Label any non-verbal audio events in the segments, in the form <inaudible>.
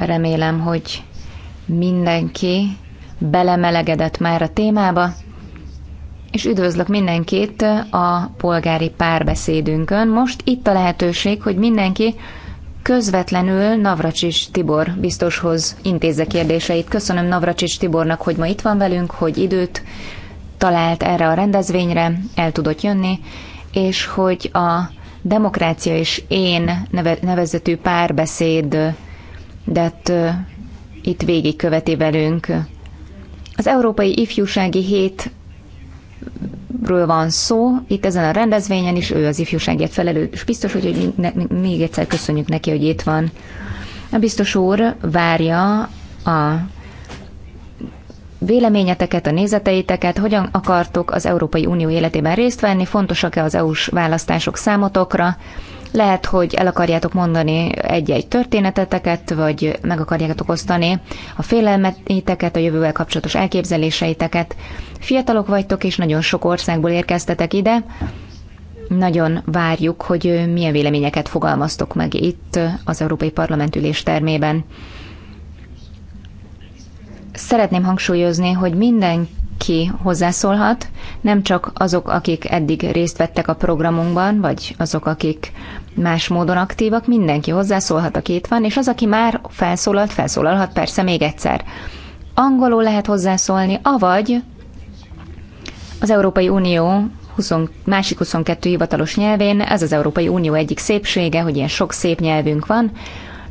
Remélem, hogy mindenki belemelegedett már a témába, és üdvözlök mindenkit a polgári párbeszédünkön. Most itt a lehetőség, hogy mindenki közvetlenül Navracsics Tibor biztoshoz intézze kérdéseit. Köszönöm Navracsics Tibornak, hogy ma itt van velünk, hogy időt talált erre a rendezvényre, el tudott jönni, és hogy a Demokrácia és Én nevezetű párbeszéd de hát itt végigköveti velünk. Az Európai Ifjúsági Hét ről van szó, itt ezen a rendezvényen is, ő az ifjúságért felelős biztos, hogy még egyszer köszönjük neki, hogy itt van. A biztos úr várja a véleményeteket, a nézeteiteket, hogyan akartok az Európai Unió életében részt venni, fontosak-e az EU-s választások számotokra, lehet, hogy el akarjátok mondani egy-egy történeteteket, vagy meg akarjátok osztani a félelmeteket, a jövővel kapcsolatos elképzeléseiteket. Fiatalok vagytok, és nagyon sok országból érkeztetek ide. Nagyon várjuk, hogy milyen véleményeket fogalmaztok meg itt az Európai Parlament ülés termében. Szeretném hangsúlyozni, hogy mindenki hozzászólhat, nem csak azok, akik eddig részt vettek a programunkban, vagy azok, akik más módon aktívak, mindenki hozzászólhat, aki itt van, és az, aki már felszólalt, felszólalhat persze még egyszer. Angolul lehet hozzászólni, avagy az Európai Unió 20, másik 22 hivatalos nyelvén, ez az Európai Unió egyik szépsége, hogy ilyen sok szép nyelvünk van.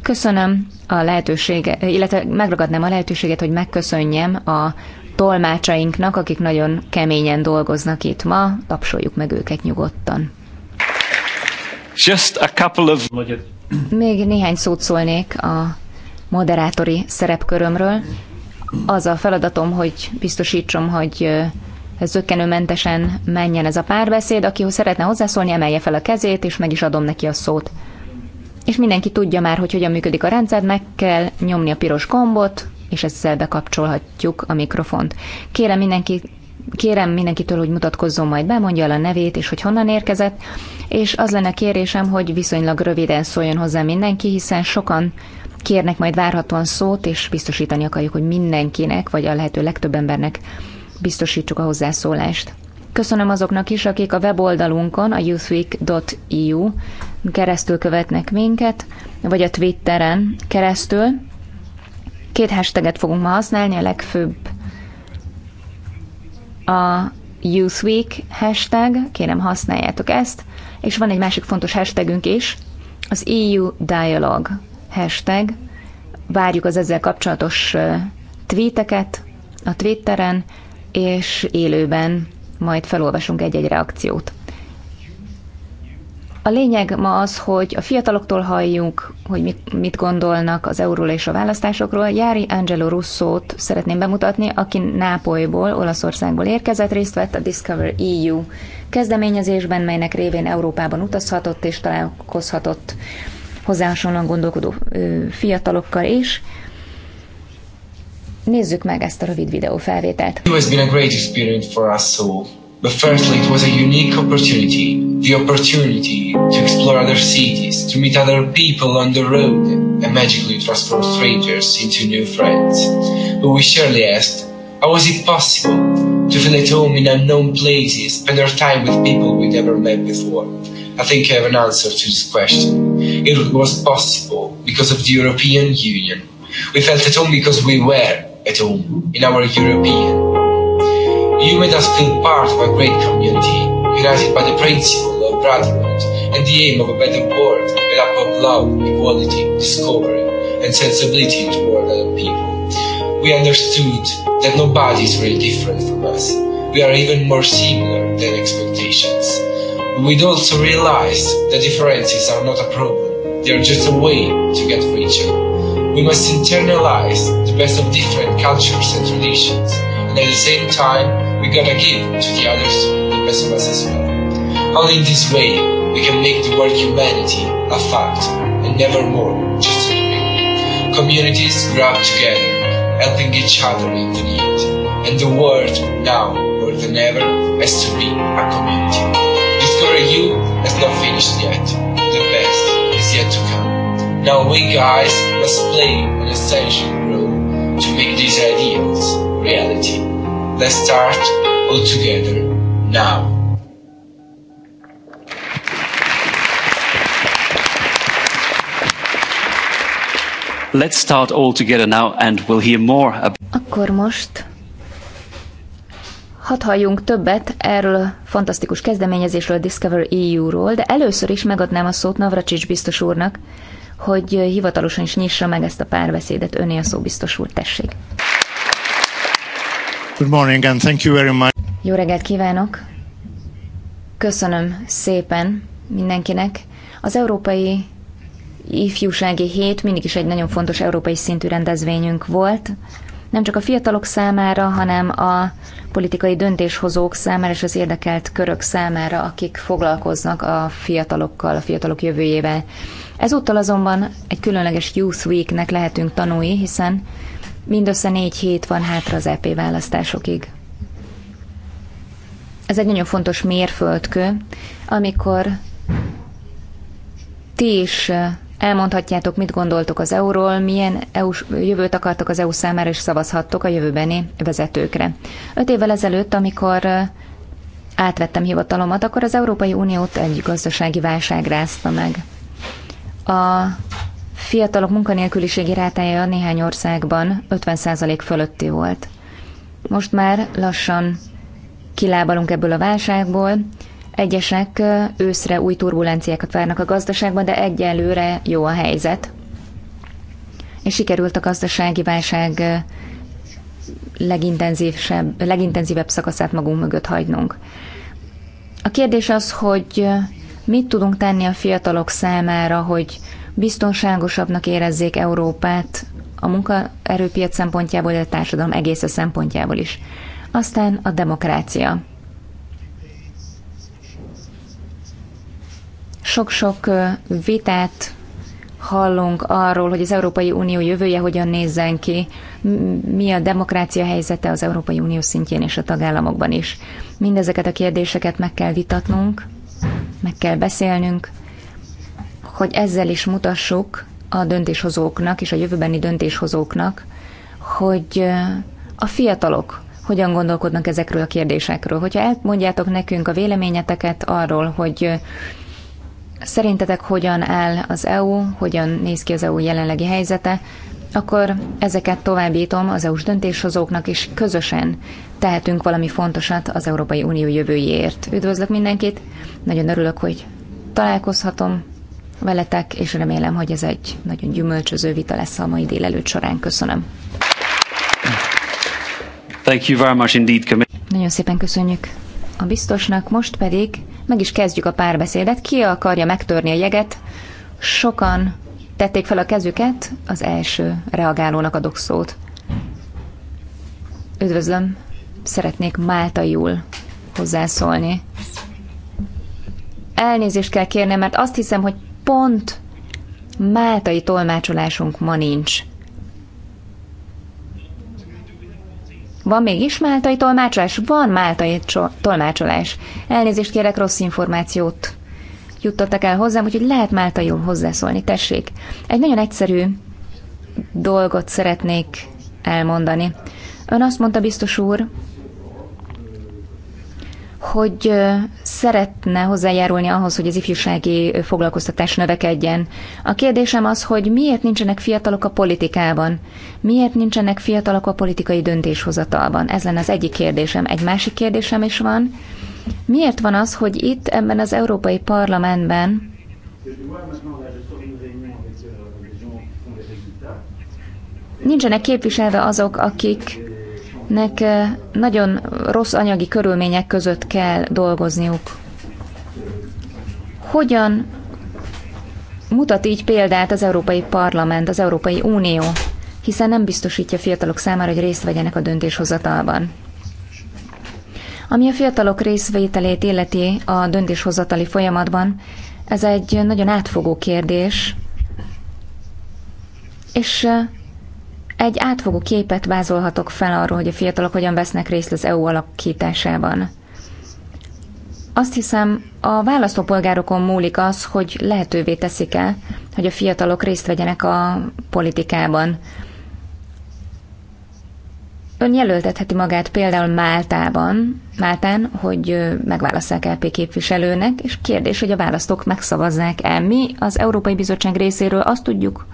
Köszönöm a lehetőséget, illetve megragadnám a lehetőséget, hogy megköszönjem a tolmácsainknak, akik nagyon keményen dolgoznak itt ma, tapsoljuk meg őket nyugodtan. Just a couple of... Még néhány szót szólnék a moderátori szerepkörömről. Az a feladatom, hogy biztosítsam, hogy zöggenőmentesen menjen ez a párbeszéd. Aki szeretne hozzászólni, emelje fel a kezét, és meg is adom neki a szót. És mindenki tudja már, hogy hogyan működik a rendszer, meg kell nyomni a piros gombot, és ezzel bekapcsolhatjuk a mikrofont. Kérem mindenki kérem mindenkitől, hogy mutatkozzon majd be, mondja el a nevét, és hogy honnan érkezett, és az lenne kérésem, hogy viszonylag röviden szóljon hozzá mindenki, hiszen sokan kérnek majd várhatóan szót, és biztosítani akarjuk, hogy mindenkinek, vagy a lehető legtöbb embernek biztosítsuk a hozzászólást. Köszönöm azoknak is, akik a weboldalunkon, a youthweek.eu keresztül követnek minket, vagy a Twitteren keresztül. Két hashtaget fogunk ma használni, a legfőbb a Youth Week hashtag, kérem használjátok ezt, és van egy másik fontos hashtagünk is, az EU Dialogue hashtag. Várjuk az ezzel kapcsolatos tweeteket a Twitteren, és élőben majd felolvasunk egy-egy reakciót. A lényeg ma az, hogy a fiataloktól halljunk, hogy mit, mit gondolnak az euróról és a választásokról. Jári Angelo Russo-t szeretném bemutatni, aki Nápolyból, Olaszországból érkezett, részt vett a Discover EU kezdeményezésben, melynek révén Európában utazhatott és találkozhatott hozzá gondolkodó fiatalokkal is. Nézzük meg ezt a rövid videó felvételt. It has been a great experience for us so, but firstly it was a unique opportunity the opportunity to explore other cities, to meet other people on the road, and magically transform strangers into new friends. But we surely asked, how was it possible to feel at home in unknown places, spend our time with people we never met before? I think I have an answer to this question. It was possible because of the European Union. We felt at home because we were at home in our European. You made us feel part of a great community guided by the principle of brotherhood and the aim of a better world made up of love, equality, discovery, and sensibility toward other people. We understood that nobody is really different from us. We are even more similar than expectations. We'd also realized that differences are not a problem, they are just a way to get richer. We must internalize the best of different cultures and traditions, and at the same time, we gotta give to the others as well. Only in this way we can make the word humanity a fact and never more just a dream. Communities grow up together, helping each other in the need. And the world now more than ever has to be a community. Discover you has not finished yet. The best is yet to come. Now we guys must play an essential role to make these ideals reality. Let's start all together now. Let's start all together now and we'll hear more about... Akkor most hadd halljunk többet erről a fantasztikus kezdeményezésről, a Discover EU-ról, de először is megadnám a szót Navracsics biztos úrnak, hogy hivatalosan is nyissa meg ezt a párbeszédet. Öné a szó, biztos úr, tessék. Good morning and thank you very much. Jó reggelt kívánok! Köszönöm szépen mindenkinek. Az Európai Ifjúsági Hét mindig is egy nagyon fontos európai szintű rendezvényünk volt. Nem csak a fiatalok számára, hanem a politikai döntéshozók számára és az érdekelt körök számára, akik foglalkoznak a fiatalokkal, a fiatalok jövőjével. Ezúttal azonban egy különleges Youth Weeknek lehetünk tanúi, hiszen mindössze négy hét van hátra az EP választásokig. Ez egy nagyon fontos mérföldkő, amikor ti is elmondhatjátok, mit gondoltok az EU-ról, milyen EU jövőt akartok az EU számára, és szavazhattok a jövőbeni vezetőkre. Öt évvel ezelőtt, amikor átvettem hivatalomat, akkor az Európai Uniót egy gazdasági válság rázta meg. A fiatalok munkanélküliségi rátája néhány országban 50% fölötti volt. Most már lassan kilábalunk ebből a válságból. Egyesek őszre új turbulenciákat várnak a gazdaságban, de egyelőre jó a helyzet. És sikerült a gazdasági válság legintenzívebb, legintenzívebb szakaszát magunk mögött hagynunk. A kérdés az, hogy mit tudunk tenni a fiatalok számára, hogy biztonságosabbnak érezzék Európát a munkaerőpiac szempontjából, de a társadalom egész szempontjából is. Aztán a demokrácia. Sok-sok vitát hallunk arról, hogy az Európai Unió jövője hogyan nézzen ki, mi a demokrácia helyzete az Európai Unió szintjén és a tagállamokban is. Mindezeket a kérdéseket meg kell vitatnunk, meg kell beszélnünk, hogy ezzel is mutassuk a döntéshozóknak és a jövőbeni döntéshozóknak, hogy a fiatalok hogyan gondolkodnak ezekről a kérdésekről. Hogyha elmondjátok nekünk a véleményeteket arról, hogy szerintetek hogyan áll az EU, hogyan néz ki az EU jelenlegi helyzete, akkor ezeket továbbítom az EU-s döntéshozóknak, és közösen tehetünk valami fontosat az Európai Unió jövőjéért. Üdvözlök mindenkit, nagyon örülök, hogy találkozhatom veletek, és remélem, hogy ez egy nagyon gyümölcsöző vita lesz a mai délelőtt során. Köszönöm. Thank you very much indeed, Nagyon szépen köszönjük a biztosnak, most pedig meg is kezdjük a párbeszédet. Ki akarja megtörni a jeget? Sokan tették fel a kezüket, az első reagálónak adok szót. Üdvözlöm, szeretnék máltaiul hozzászólni. Elnézést kell kérnem, mert azt hiszem, hogy pont máltai tolmácsolásunk ma nincs. Van még is máltai tolmácsolás? Van máltai tolmácsolás. Elnézést kérek, rossz információt juttattak el hozzám, úgyhogy lehet máltaiul hozzászólni. Tessék, egy nagyon egyszerű dolgot szeretnék elmondani. Ön azt mondta, biztos úr, hogy szeretne hozzájárulni ahhoz, hogy az ifjúsági foglalkoztatás növekedjen. A kérdésem az, hogy miért nincsenek fiatalok a politikában? Miért nincsenek fiatalok a politikai döntéshozatalban? Ez lenne az egyik kérdésem. Egy másik kérdésem is van. Miért van az, hogy itt, ebben az Európai Parlamentben nincsenek képviselve azok, akik akiknek eh, nagyon rossz anyagi körülmények között kell dolgozniuk. Hogyan mutat így példát az Európai Parlament, az Európai Unió, hiszen nem biztosítja fiatalok számára, hogy részt vegyenek a döntéshozatalban. Ami a fiatalok részvételét illeti a döntéshozatali folyamatban, ez egy nagyon átfogó kérdés, és eh, egy átfogó képet vázolhatok fel arról, hogy a fiatalok hogyan vesznek részt az EU alakításában. Azt hiszem, a választópolgárokon múlik az, hogy lehetővé teszik-e, hogy a fiatalok részt vegyenek a politikában. Ön jelöltetheti magát például Máltában, Máltán, hogy megválasszák LP képviselőnek, és kérdés, hogy a választók megszavazzák-e. Mi az Európai Bizottság részéről azt tudjuk,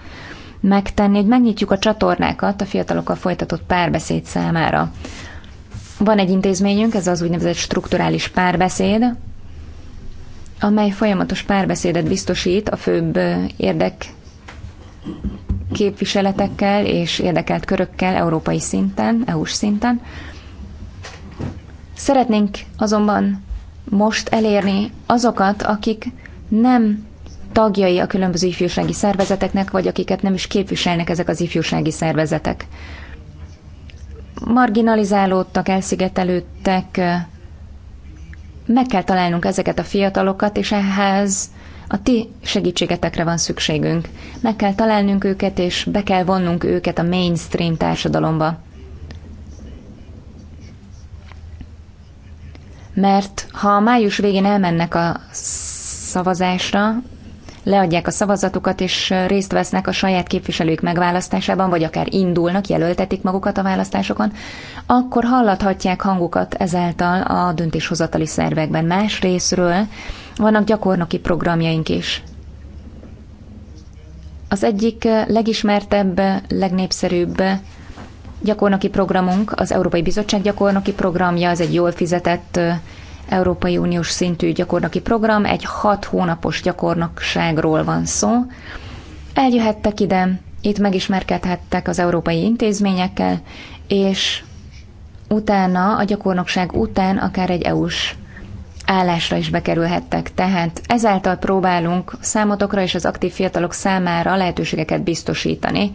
megtenni, hogy megnyitjuk a csatornákat a fiatalokkal folytatott párbeszéd számára. Van egy intézményünk, ez az úgynevezett strukturális párbeszéd, amely folyamatos párbeszédet biztosít a főbb érdek képviseletekkel és érdekelt körökkel európai szinten, EU-s szinten. Szeretnénk azonban most elérni azokat, akik nem tagjai a különböző ifjúsági szervezeteknek, vagy akiket nem is képviselnek ezek az ifjúsági szervezetek. Marginalizálódtak, elszigetelődtek, meg kell találnunk ezeket a fiatalokat, és ehhez a ti segítségetekre van szükségünk. Meg kell találnunk őket, és be kell vonnunk őket a mainstream társadalomba. Mert ha május végén elmennek a szavazásra, leadják a szavazatukat és részt vesznek a saját képviselők megválasztásában, vagy akár indulnak, jelöltetik magukat a választásokon, akkor hallathatják hangukat ezáltal a döntéshozatali szervekben. Más részről vannak gyakornoki programjaink is. Az egyik legismertebb, legnépszerűbb gyakornoki programunk, az Európai Bizottság gyakornoki programja, az egy jól fizetett Európai Uniós szintű gyakornoki program, egy hat hónapos gyakornokságról van szó. Eljöhettek ide, itt megismerkedhettek az európai intézményekkel, és utána, a gyakornokság után akár egy EU-s állásra is bekerülhettek. Tehát ezáltal próbálunk számotokra és az aktív fiatalok számára lehetőségeket biztosítani.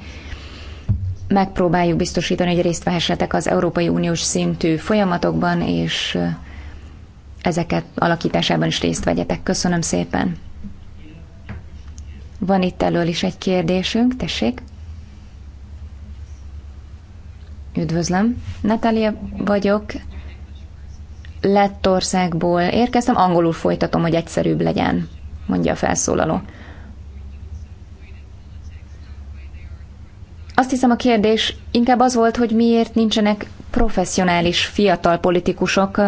Megpróbáljuk biztosítani, hogy részt vehessetek az Európai Uniós szintű folyamatokban, és ezeket alakításában is részt vegyetek. Köszönöm szépen. Van itt elől is egy kérdésünk, tessék. Üdvözlöm. Natália vagyok. Lettországból érkeztem, angolul folytatom, hogy egyszerűbb legyen, mondja a felszólaló. Azt hiszem a kérdés inkább az volt, hogy miért nincsenek professzionális fiatal politikusok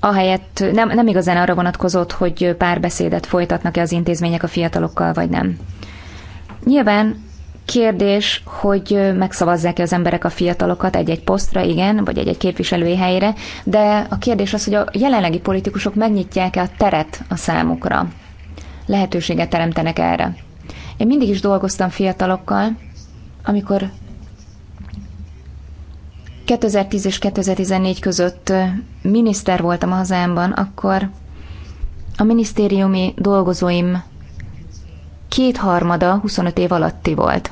ahelyett nem, nem igazán arra vonatkozott, hogy párbeszédet folytatnak-e az intézmények a fiatalokkal, vagy nem. Nyilván kérdés, hogy megszavazzák-e az emberek a fiatalokat egy-egy posztra, igen, vagy egy-egy képviselői helyre, de a kérdés az, hogy a jelenlegi politikusok megnyitják-e a teret a számukra, lehetőséget teremtenek erre. Én mindig is dolgoztam fiatalokkal, amikor 2010 és 2014 között miniszter voltam a hazámban, akkor a minisztériumi dolgozóim kétharmada 25 év alatti volt.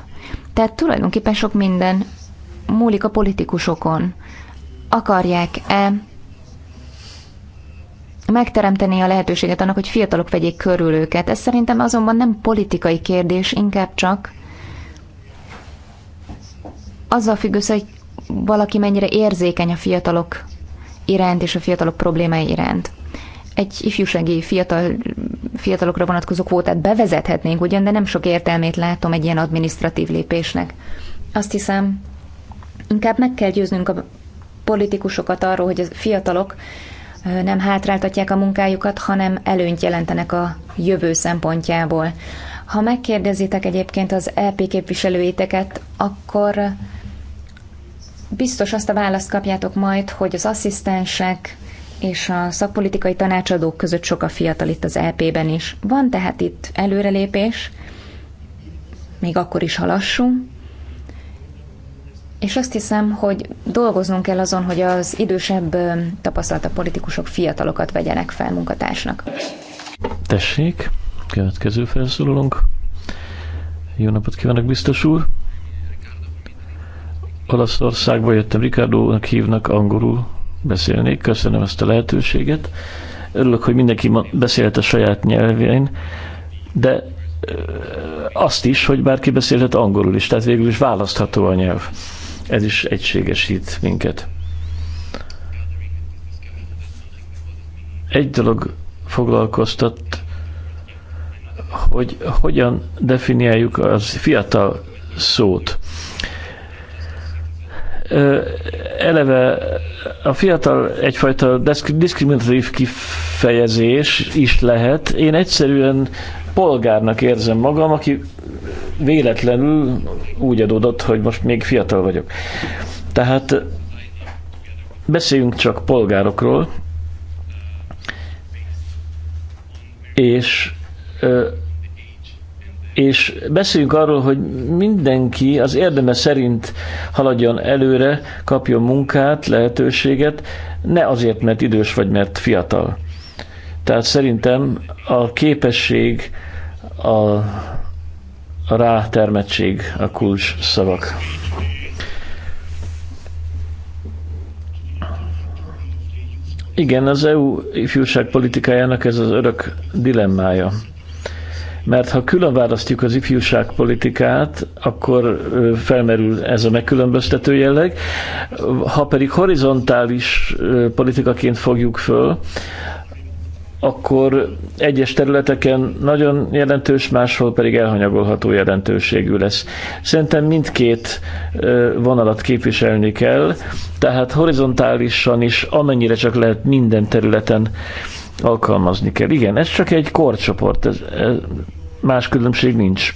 Tehát tulajdonképpen sok minden múlik a politikusokon. Akarják-e megteremteni a lehetőséget annak, hogy fiatalok vegyék körül őket. Ez szerintem azonban nem politikai kérdés, inkább csak azzal függ össze, hogy valaki mennyire érzékeny a fiatalok iránt és a fiatalok problémái iránt. Egy ifjúsági fiatal, fiatalokra vonatkozó kvótát bevezethetnénk ugyan, de nem sok értelmét látom egy ilyen administratív lépésnek. Azt hiszem, inkább meg kell győznünk a politikusokat arról, hogy a fiatalok nem hátráltatják a munkájukat, hanem előnyt jelentenek a jövő szempontjából. Ha megkérdezitek egyébként az LP e képviselőiteket, akkor Biztos azt a választ kapjátok majd, hogy az asszisztensek és a szakpolitikai tanácsadók között sok a fiatal itt az EP-ben is. Van tehát itt előrelépés, még akkor is halassú, és azt hiszem, hogy dolgoznunk kell azon, hogy az idősebb tapasztalta politikusok fiatalokat vegyenek fel munkatársnak. Tessék, következő felszólalunk. Jó napot kívánok, biztos úr! Olaszországba jöttem, Ricardo-nak hívnak, angolul beszélni, köszönöm ezt a lehetőséget. Örülök, hogy mindenki ma beszélhet a saját nyelvén, de azt is, hogy bárki beszélhet angolul is, tehát végül is választható a nyelv. Ez is egységesít minket. Egy dolog foglalkoztat, hogy hogyan definiáljuk az fiatal szót eleve a fiatal egyfajta diszkriminatív kifejezés is lehet. Én egyszerűen polgárnak érzem magam, aki véletlenül úgy adódott, hogy most még fiatal vagyok. Tehát beszéljünk csak polgárokról, és és beszéljünk arról, hogy mindenki az érdeme szerint haladjon előre, kapjon munkát, lehetőséget, ne azért, mert idős vagy, mert fiatal. Tehát szerintem a képesség, a, a rátermettség a kulcs szavak. Igen, az EU politikájának ez az örök dilemmája mert ha külön választjuk az ifjúságpolitikát, akkor felmerül ez a megkülönböztető jelleg. Ha pedig horizontális politikaként fogjuk föl, akkor egyes területeken nagyon jelentős, máshol pedig elhanyagolható jelentőségű lesz. Szerintem mindkét vonalat képviselni kell, tehát horizontálisan is, amennyire csak lehet minden területen alkalmazni kell. Igen, ez csak egy korcsoport, ez, ez, más különbség nincs.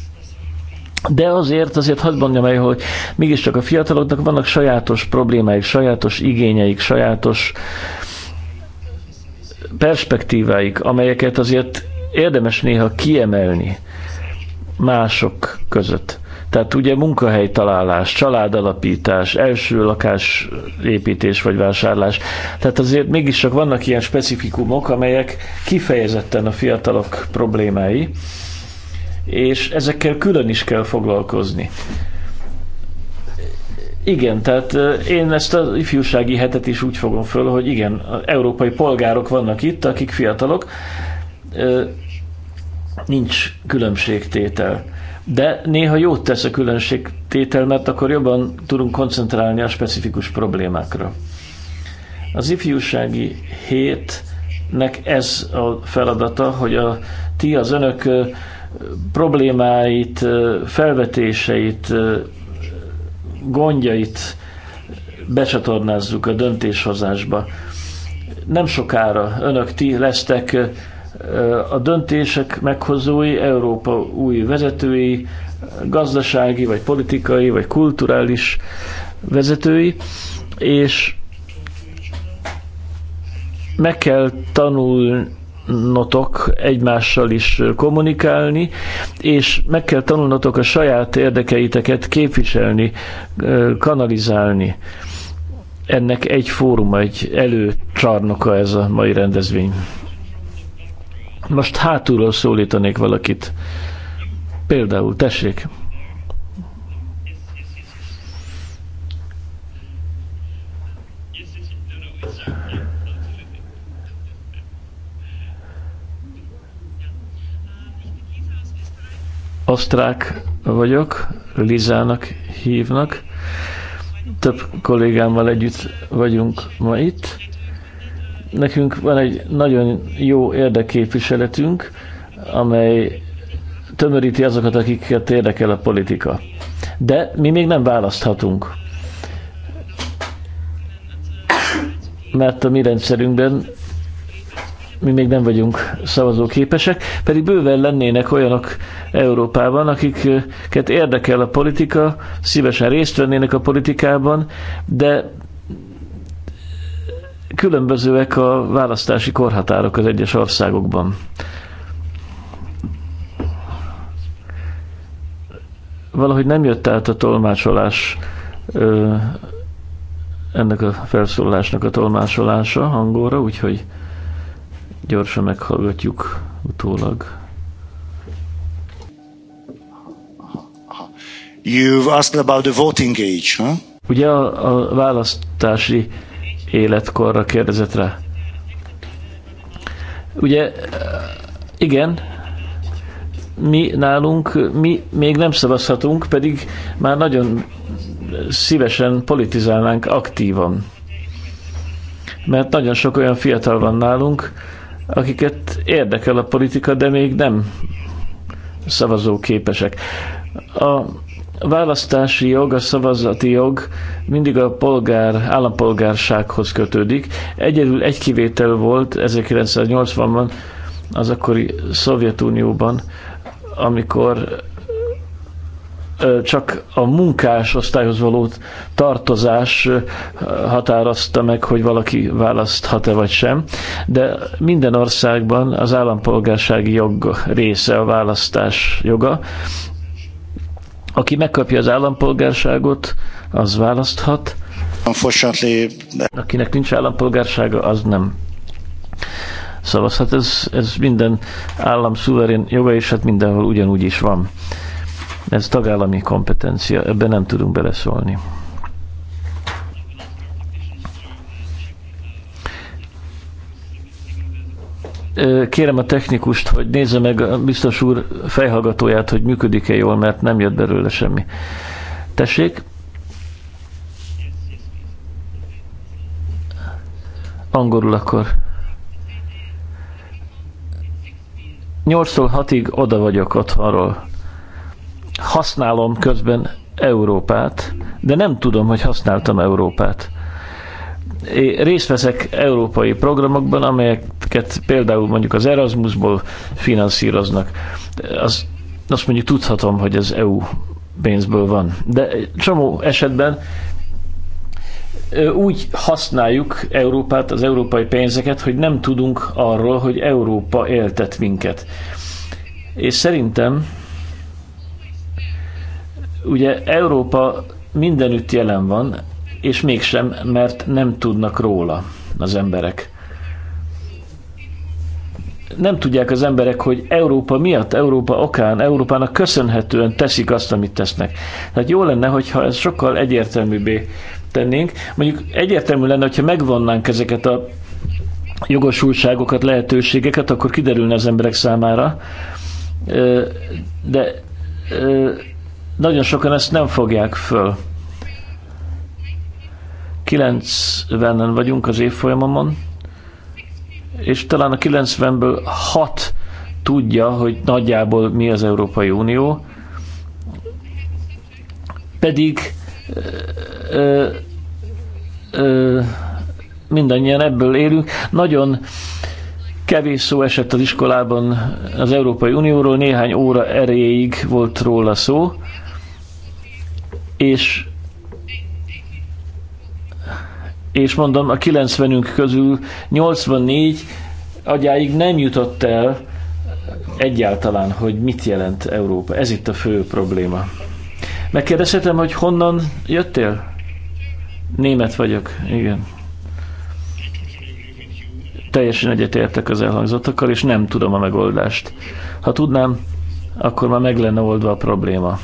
De azért, azért hadd mondjam el, hogy mégiscsak a fiataloknak vannak sajátos problémáik, sajátos igényeik, sajátos perspektíváik, amelyeket azért érdemes néha kiemelni mások között. Tehát ugye munkahely találás, családalapítás, első lakás építés vagy vásárlás. Tehát azért mégiscsak vannak ilyen specifikumok, amelyek kifejezetten a fiatalok problémái, és ezekkel külön is kell foglalkozni. Igen, tehát eh, én ezt az ifjúsági hetet is úgy fogom föl, hogy igen, európai polgárok vannak itt, akik fiatalok, eh, nincs különbségtétel de néha jót tesz a különbség tétel, mert akkor jobban tudunk koncentrálni a specifikus problémákra. Az ifjúsági hétnek ez a feladata, hogy a ti az önök problémáit, felvetéseit, gondjait becsatornázzuk a döntéshozásba. Nem sokára önök ti lesztek a döntések meghozói Európa új vezetői, gazdasági, vagy politikai, vagy kulturális vezetői, és meg kell tanulnotok egymással is kommunikálni, és meg kell tanulnotok a saját érdekeiteket képviselni, kanalizálni. Ennek egy fórum, egy előcsarnoka ez a mai rendezvény. Most hátulról szólítanék valakit. Például, tessék. Osztrák vagyok, Lizának hívnak. Több kollégámmal együtt vagyunk ma itt nekünk van egy nagyon jó érdekképviseletünk, amely tömöríti azokat, akiket érdekel a politika. De mi még nem választhatunk. Mert a mi rendszerünkben mi még nem vagyunk szavazóképesek, pedig bőven lennének olyanok Európában, akiket érdekel a politika, szívesen részt vennének a politikában, de különbözőek a választási korhatárok az egyes országokban. Valahogy nem jött át a tolmácsolás ennek a felszólásnak a tolmácsolása hangóra, úgyhogy gyorsan meghallgatjuk utólag. You've asked about the voting age, huh? Ugye a, a választási életkorra kérdezett rá. Ugye, igen, mi nálunk, mi még nem szavazhatunk, pedig már nagyon szívesen politizálnánk aktívan. Mert nagyon sok olyan fiatal van nálunk, akiket érdekel a politika, de még nem szavazóképesek. A a választási jog, a szavazati jog mindig a polgár, állampolgársághoz kötődik. Egyedül egy kivétel volt 1980-ban az akkori Szovjetunióban, amikor csak a munkás osztályhoz való tartozás határozta meg, hogy valaki választhat-e vagy sem, de minden országban az állampolgársági jog része a választás joga, aki megkapja az állampolgárságot, az választhat. Akinek nincs állampolgársága, az nem szavazhat. Ez, ez minden állam szuverén joga, és hát mindenhol ugyanúgy is van. Ez tagállami kompetencia, ebben nem tudunk beleszólni. kérem a technikust, hogy nézze meg a biztos úr fejhallgatóját, hogy működik-e jól, mert nem jött belőle semmi. Tessék? Angolul akkor. 8-tól 6-ig oda vagyok otthonról. Használom közben Európát, de nem tudom, hogy használtam Európát. Én részt veszek európai programokban, amelyek amiket például mondjuk az Erasmusból finanszíroznak, az, azt mondjuk tudhatom, hogy ez EU pénzből van. De csomó esetben úgy használjuk Európát, az európai pénzeket, hogy nem tudunk arról, hogy Európa éltet minket. És szerintem ugye Európa mindenütt jelen van, és mégsem, mert nem tudnak róla az emberek nem tudják az emberek, hogy Európa miatt, Európa okán, Európának köszönhetően teszik azt, amit tesznek. Tehát jó lenne, hogyha ez sokkal egyértelműbbé tennénk. Mondjuk egyértelmű lenne, hogyha megvonnánk ezeket a jogosultságokat, lehetőségeket, akkor kiderülne az emberek számára. De nagyon sokan ezt nem fogják föl. 90-en vagyunk az évfolyamon és talán a 90-ből 6 tudja, hogy nagyjából mi az Európai Unió, pedig ö, ö, mindannyian ebből élünk. Nagyon kevés szó esett az iskolában az Európai Unióról, néhány óra erejéig volt róla szó, és és mondom, a 90-ünk közül 84 agyáig nem jutott el egyáltalán, hogy mit jelent Európa. Ez itt a fő probléma. Megkérdezhetem, hogy honnan jöttél? Német vagyok, igen. Teljesen egyetértek az elhangzottakkal, és nem tudom a megoldást. Ha tudnám, akkor már meg lenne oldva a probléma.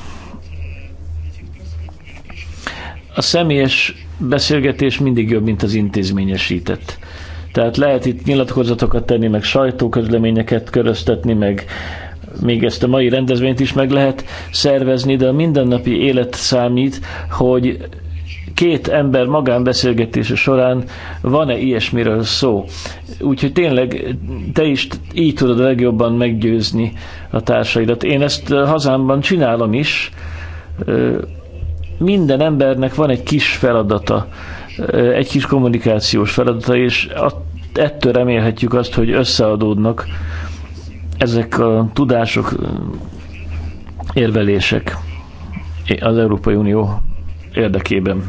A személyes beszélgetés mindig jobb, mint az intézményesített. Tehát lehet itt nyilatkozatokat tenni, meg sajtóközleményeket köröztetni, meg még ezt a mai rendezvényt is meg lehet szervezni, de a mindennapi élet számít, hogy két ember magánbeszélgetése során van-e ilyesmiről szó. Úgyhogy tényleg te is így tudod legjobban meggyőzni a társaidat. Én ezt eh, hazámban csinálom is, eh, minden embernek van egy kis feladata, egy kis kommunikációs feladata, és ettől remélhetjük azt, hogy összeadódnak ezek a tudások, érvelések az Európai Unió érdekében.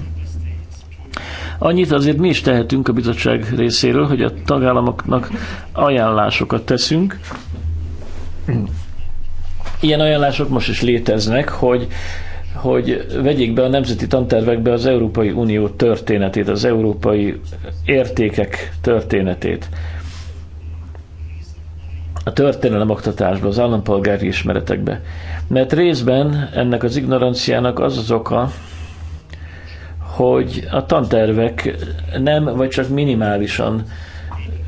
Annyit azért mi is tehetünk a bizottság részéről, hogy a tagállamoknak ajánlásokat teszünk. Ilyen ajánlások most is léteznek, hogy hogy vegyék be a nemzeti tantervekbe az Európai Unió történetét, az európai értékek történetét. A történelem oktatásba, az állampolgári ismeretekbe. Mert részben ennek az ignoranciának az az oka, hogy a tantervek nem, vagy csak minimálisan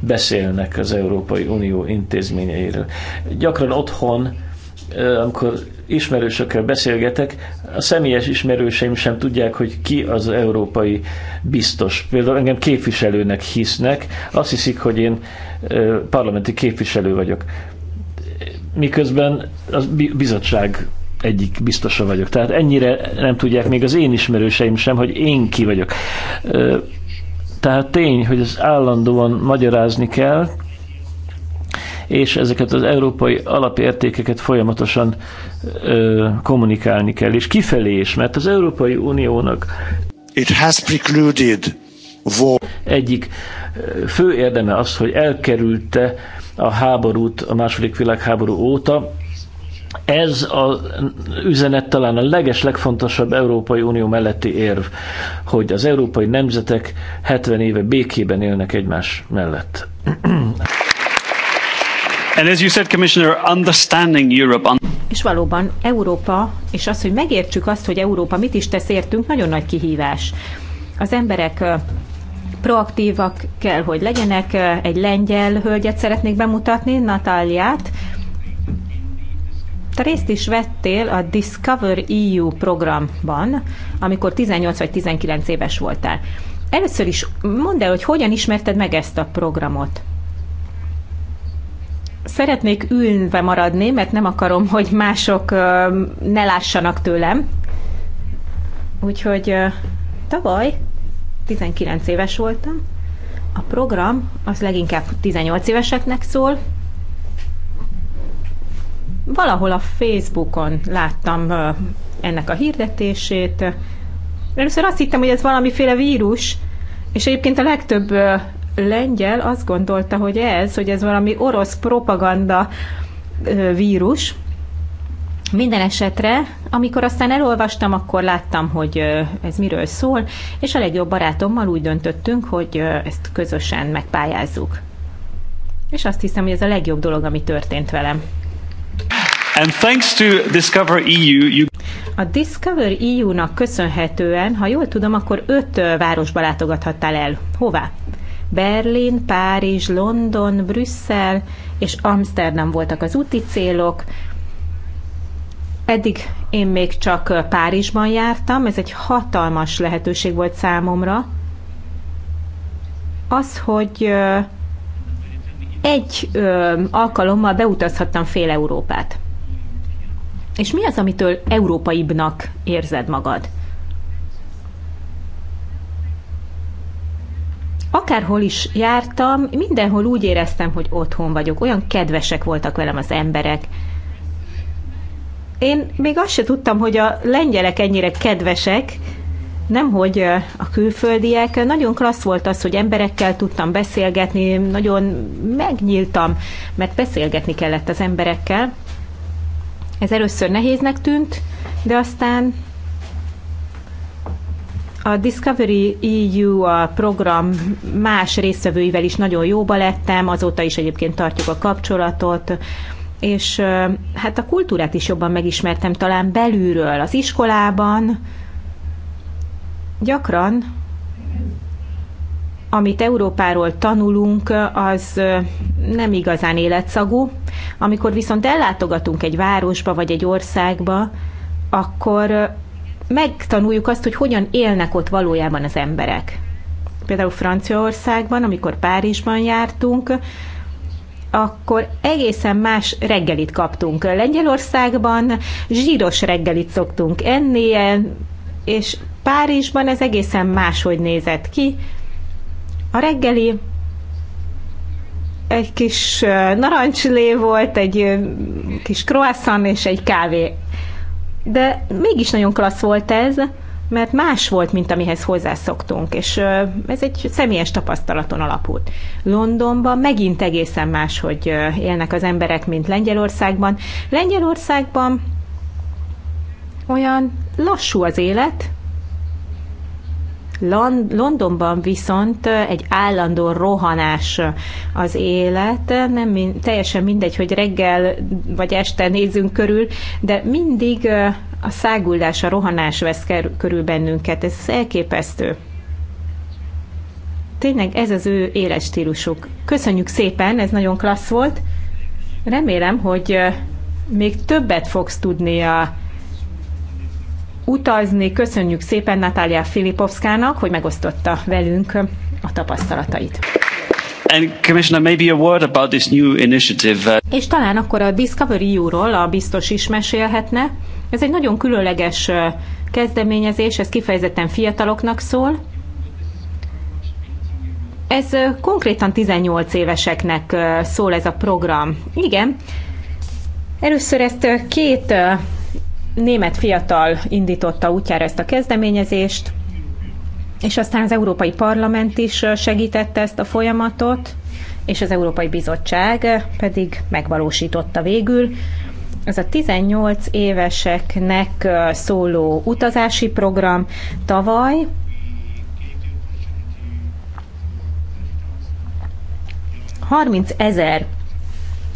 beszélnek az Európai Unió intézményeiről. Gyakran otthon amikor ismerősökkel beszélgetek, a személyes ismerőseim sem tudják, hogy ki az európai biztos. Például engem képviselőnek hisznek, azt hiszik, hogy én parlamenti képviselő vagyok. Miközben a bizottság egyik biztosa vagyok. Tehát ennyire nem tudják még az én ismerőseim sem, hogy én ki vagyok. Tehát tény, hogy ez állandóan magyarázni kell, és ezeket az európai alapértékeket folyamatosan ö, kommunikálni kell, és kifelé is, mert az Európai Uniónak It has precluded war. egyik fő érdeme az, hogy elkerülte a háborút a második világháború óta, ez az üzenet talán a leges, legfontosabb Európai Unió melletti érv, hogy az európai nemzetek 70 éve békében élnek egymás mellett. <clears throat> And as you said, Commissioner, understanding Europe. Un- és valóban Európa, és az, hogy megértsük azt, hogy Európa mit is tesz értünk, nagyon nagy kihívás. Az emberek proaktívak kell, hogy legyenek. Egy lengyel hölgyet szeretnék bemutatni, Natáliát. Te részt is vettél a Discover EU programban, amikor 18 vagy 19 éves voltál. Először is mondd el, hogy hogyan ismerted meg ezt a programot szeretnék ülve maradni, mert nem akarom, hogy mások ne lássanak tőlem. Úgyhogy tavaly 19 éves voltam. A program az leginkább 18 éveseknek szól. Valahol a Facebookon láttam ennek a hirdetését. Először azt hittem, hogy ez valamiféle vírus, és egyébként a legtöbb lengyel azt gondolta, hogy ez, hogy ez valami orosz propaganda vírus. Minden esetre, amikor aztán elolvastam, akkor láttam, hogy ez miről szól, és a legjobb barátommal úgy döntöttünk, hogy ezt közösen megpályázzuk. És azt hiszem, hogy ez a legjobb dolog, ami történt velem. And thanks to Discover EU, you... A Discover EU-nak köszönhetően, ha jól tudom, akkor öt városba látogathattál el. Hová? Berlin, Párizs, London, Brüsszel és Amsterdam voltak az úti célok. Eddig én még csak Párizsban jártam, ez egy hatalmas lehetőség volt számomra. Az, hogy egy alkalommal beutazhattam fél Európát. És mi az, amitől európaibbnak érzed magad? akárhol is jártam, mindenhol úgy éreztem, hogy otthon vagyok. Olyan kedvesek voltak velem az emberek. Én még azt se tudtam, hogy a lengyelek ennyire kedvesek, nemhogy a külföldiek. Nagyon klassz volt az, hogy emberekkel tudtam beszélgetni, nagyon megnyíltam, mert beszélgetni kellett az emberekkel. Ez először nehéznek tűnt, de aztán a Discovery EU a program más résztvevőivel is nagyon jóba lettem, azóta is egyébként tartjuk a kapcsolatot, és hát a kultúrát is jobban megismertem talán belülről, az iskolában. Gyakran, amit Európáról tanulunk, az nem igazán életszagú. Amikor viszont ellátogatunk egy városba vagy egy országba, akkor megtanuljuk azt, hogy hogyan élnek ott valójában az emberek. Például Franciaországban, amikor Párizsban jártunk, akkor egészen más reggelit kaptunk. Lengyelországban zsíros reggelit szoktunk enni, és Párizsban ez egészen máshogy nézett ki. A reggeli egy kis narancslé volt, egy kis croissant és egy kávé de mégis nagyon klassz volt ez, mert más volt, mint amihez hozzászoktunk, és ez egy személyes tapasztalaton alapult. Londonban megint egészen más, hogy élnek az emberek, mint Lengyelországban. Lengyelországban olyan lassú az élet, Londonban viszont egy állandó rohanás az élet, nem min- teljesen mindegy, hogy reggel vagy este nézzünk körül, de mindig a száguldás, a rohanás vesz körül bennünket, ez elképesztő. Tényleg ez az ő életstílusuk. Köszönjük szépen, ez nagyon klassz volt. Remélem, hogy még többet fogsz tudni a utazni. Köszönjük szépen Natália Filipovszkának, hogy megosztotta velünk a tapasztalatait. And Commissioner, maybe a word about this new initiative. Uh, És talán akkor a Discovery EU-ról a biztos is mesélhetne. Ez egy nagyon különleges uh, kezdeményezés, ez kifejezetten fiataloknak szól. Ez uh, konkrétan 18 éveseknek szól ez a program. Igen, Először ezt két német fiatal indította útjára ezt a kezdeményezést, és aztán az Európai Parlament is segítette ezt a folyamatot, és az Európai Bizottság pedig megvalósította végül. Ez a 18 éveseknek szóló utazási program tavaly harminc ezer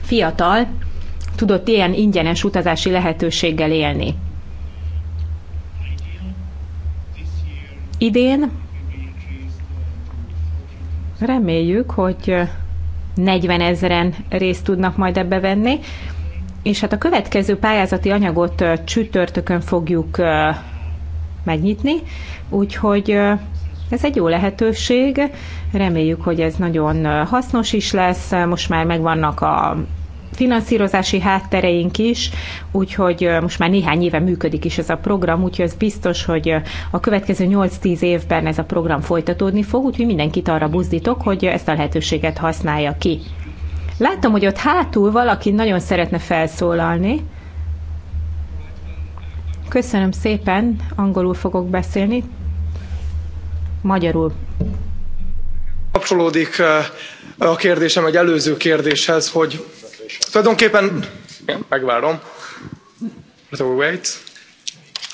fiatal tudott ilyen ingyenes utazási lehetőséggel élni. Idén reméljük, hogy 40 ezeren részt tudnak majd ebbe venni, és hát a következő pályázati anyagot csütörtökön fogjuk megnyitni, úgyhogy ez egy jó lehetőség, reméljük, hogy ez nagyon hasznos is lesz, most már megvannak a finanszírozási háttereink is, úgyhogy most már néhány éve működik is ez a program, úgyhogy ez biztos, hogy a következő 8-10 évben ez a program folytatódni fog, úgyhogy mindenkit arra buzdítok, hogy ezt a lehetőséget használja ki. Láttam, hogy ott hátul valaki nagyon szeretne felszólalni. Köszönöm szépen, angolul fogok beszélni. Magyarul. Kapcsolódik a kérdésem egy előző kérdéshez, hogy tulajdonképpen megvárom. So wait.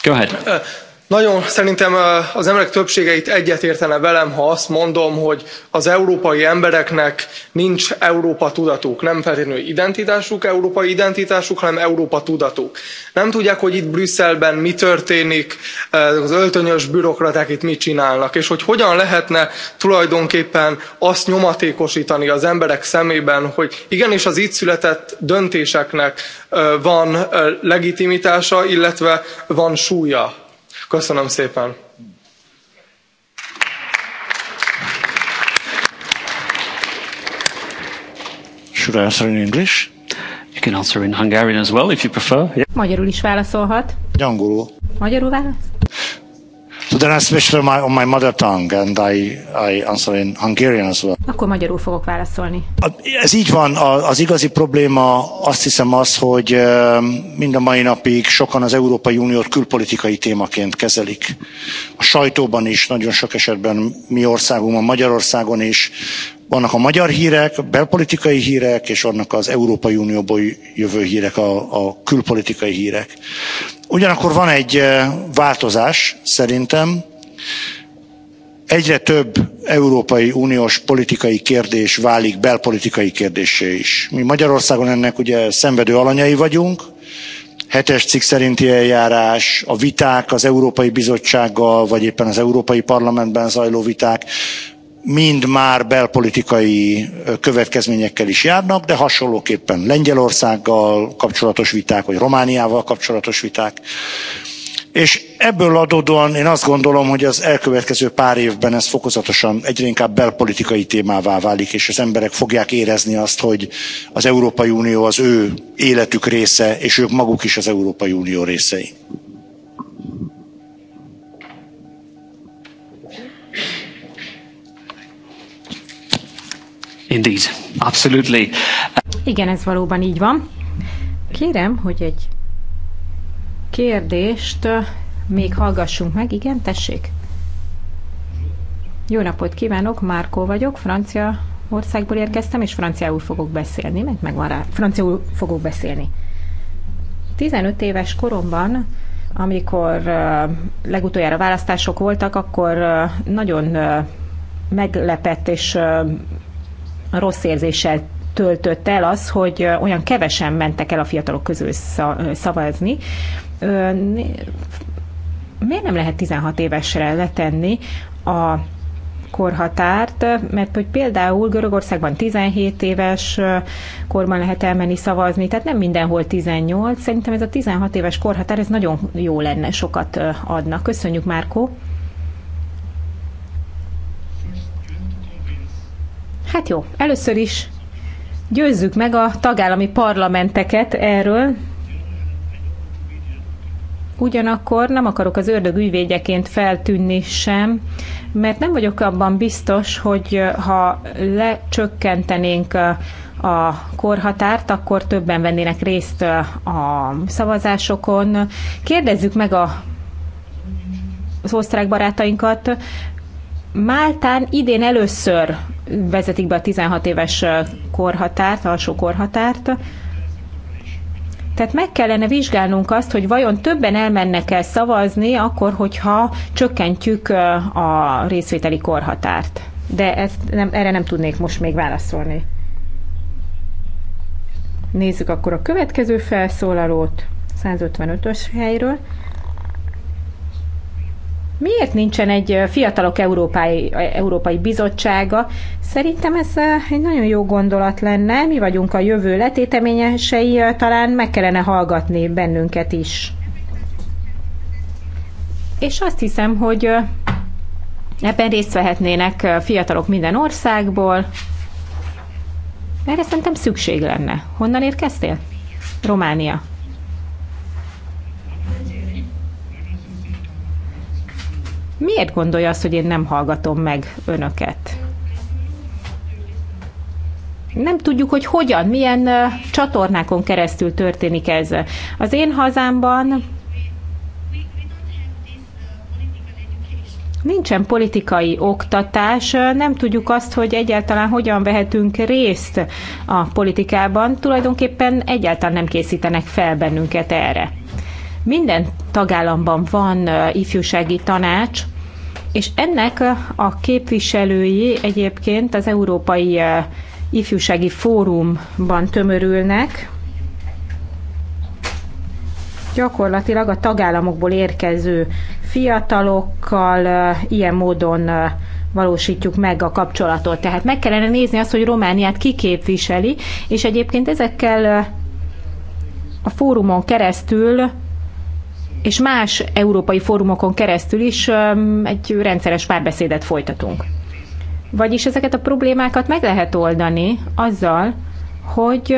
Go ahead. Uh, nagyon szerintem az emberek többsége itt egyetértene velem, ha azt mondom, hogy az európai embereknek nincs Európa tudatuk, nem feltétlenül identitásuk, európai identitásuk, hanem Európa tudatuk. Nem tudják, hogy itt Brüsszelben mi történik, az öltönyös bürokraták itt mit csinálnak, és hogy hogyan lehetne tulajdonképpen azt nyomatékosítani az emberek szemében, hogy igenis az itt született döntéseknek van legitimitása, illetve van súlya. Köszönöm szépen! Should I answer in English? You can answer in Hungarian as well if you prefer. Yeah. Magyarul is válaszolhat. De angolul. Magyarul válasz? then I switched to my, on my mother tongue, and I, I answer in Hungarian as well. Akkor magyarul fogok válaszolni. Ez így van, az igazi probléma azt hiszem az, hogy mind a mai napig sokan az Európai Uniót külpolitikai témaként kezelik. A sajtóban is nagyon sok esetben mi országunkban, Magyarországon is vannak a magyar hírek, a belpolitikai hírek, és vannak az Európai Unióból jövő hírek, a, a külpolitikai hírek. Ugyanakkor van egy eh, változás szerintem. Egyre több Európai Uniós politikai kérdés válik belpolitikai kérdéssé is. Mi Magyarországon ennek ugye szenvedő alanyai vagyunk, hetes cikk szerinti eljárás, a viták az Európai Bizottsággal, vagy éppen az Európai Parlamentben zajló viták mind már belpolitikai következményekkel is járnak, de hasonlóképpen Lengyelországgal kapcsolatos viták, vagy Romániával kapcsolatos viták. És ebből adódóan én azt gondolom, hogy az elkövetkező pár évben ez fokozatosan egyre inkább belpolitikai témává válik, és az emberek fogják érezni azt, hogy az Európai Unió az ő életük része, és ők maguk is az Európai Unió részei. Indeed, absolutely. Igen, ez valóban így van. Kérem, hogy egy kérdést még hallgassunk meg. Igen, tessék. Jó napot kívánok, Márkó vagyok, francia országból érkeztem, és franciául fogok beszélni, mert megvan rá, franciául fogok beszélni. 15 éves koromban, amikor legutoljára választások voltak, akkor nagyon meglepett és rossz érzéssel töltött el az, hogy olyan kevesen mentek el a fiatalok közül szavazni. Miért nem lehet 16 évesre letenni a korhatárt, mert hogy például Görögországban 17 éves korban lehet elmenni szavazni, tehát nem mindenhol 18. Szerintem ez a 16 éves korhatár, ez nagyon jó lenne, sokat adna. Köszönjük, Márko. Hát jó, először is győzzük meg a tagállami parlamenteket erről. Ugyanakkor nem akarok az ördög ügyvédjeként feltűnni sem, mert nem vagyok abban biztos, hogy ha lecsökkentenénk a korhatárt, akkor többen vennének részt a szavazásokon. Kérdezzük meg a, az osztrák barátainkat. Máltán idén először vezetik be a 16 éves korhatárt, alsó korhatárt. Tehát meg kellene vizsgálnunk azt, hogy vajon többen elmennek el szavazni, akkor, hogyha csökkentjük a részvételi korhatárt. De ezt nem, erre nem tudnék most még válaszolni. Nézzük akkor a következő felszólalót 155-ös helyről. Miért nincsen egy Fiatalok Európai, Európai Bizottsága? Szerintem ez egy nagyon jó gondolat lenne. Mi vagyunk a jövő letéteményesei, talán meg kellene hallgatni bennünket is. És azt hiszem, hogy ebben részt vehetnének fiatalok minden országból. Erre szerintem szükség lenne. Honnan érkeztél? Románia. Miért gondolja azt, hogy én nem hallgatom meg önöket? nem tudjuk, hogy hogyan, milyen csatornákon keresztül történik ez. Az én hazámban nincsen politikai oktatás, nem tudjuk azt, hogy egyáltalán hogyan vehetünk részt a politikában. Tulajdonképpen egyáltalán nem készítenek fel bennünket erre. Minden tagállamban van ifjúsági tanács, és ennek a képviselői egyébként az Európai Ifjúsági Fórumban tömörülnek, gyakorlatilag a tagállamokból érkező fiatalokkal ilyen módon valósítjuk meg a kapcsolatot. Tehát meg kellene nézni azt, hogy Romániát kiképviseli, és egyébként ezekkel a fórumon keresztül és más európai fórumokon keresztül is egy rendszeres párbeszédet folytatunk. Vagyis ezeket a problémákat meg lehet oldani azzal, hogy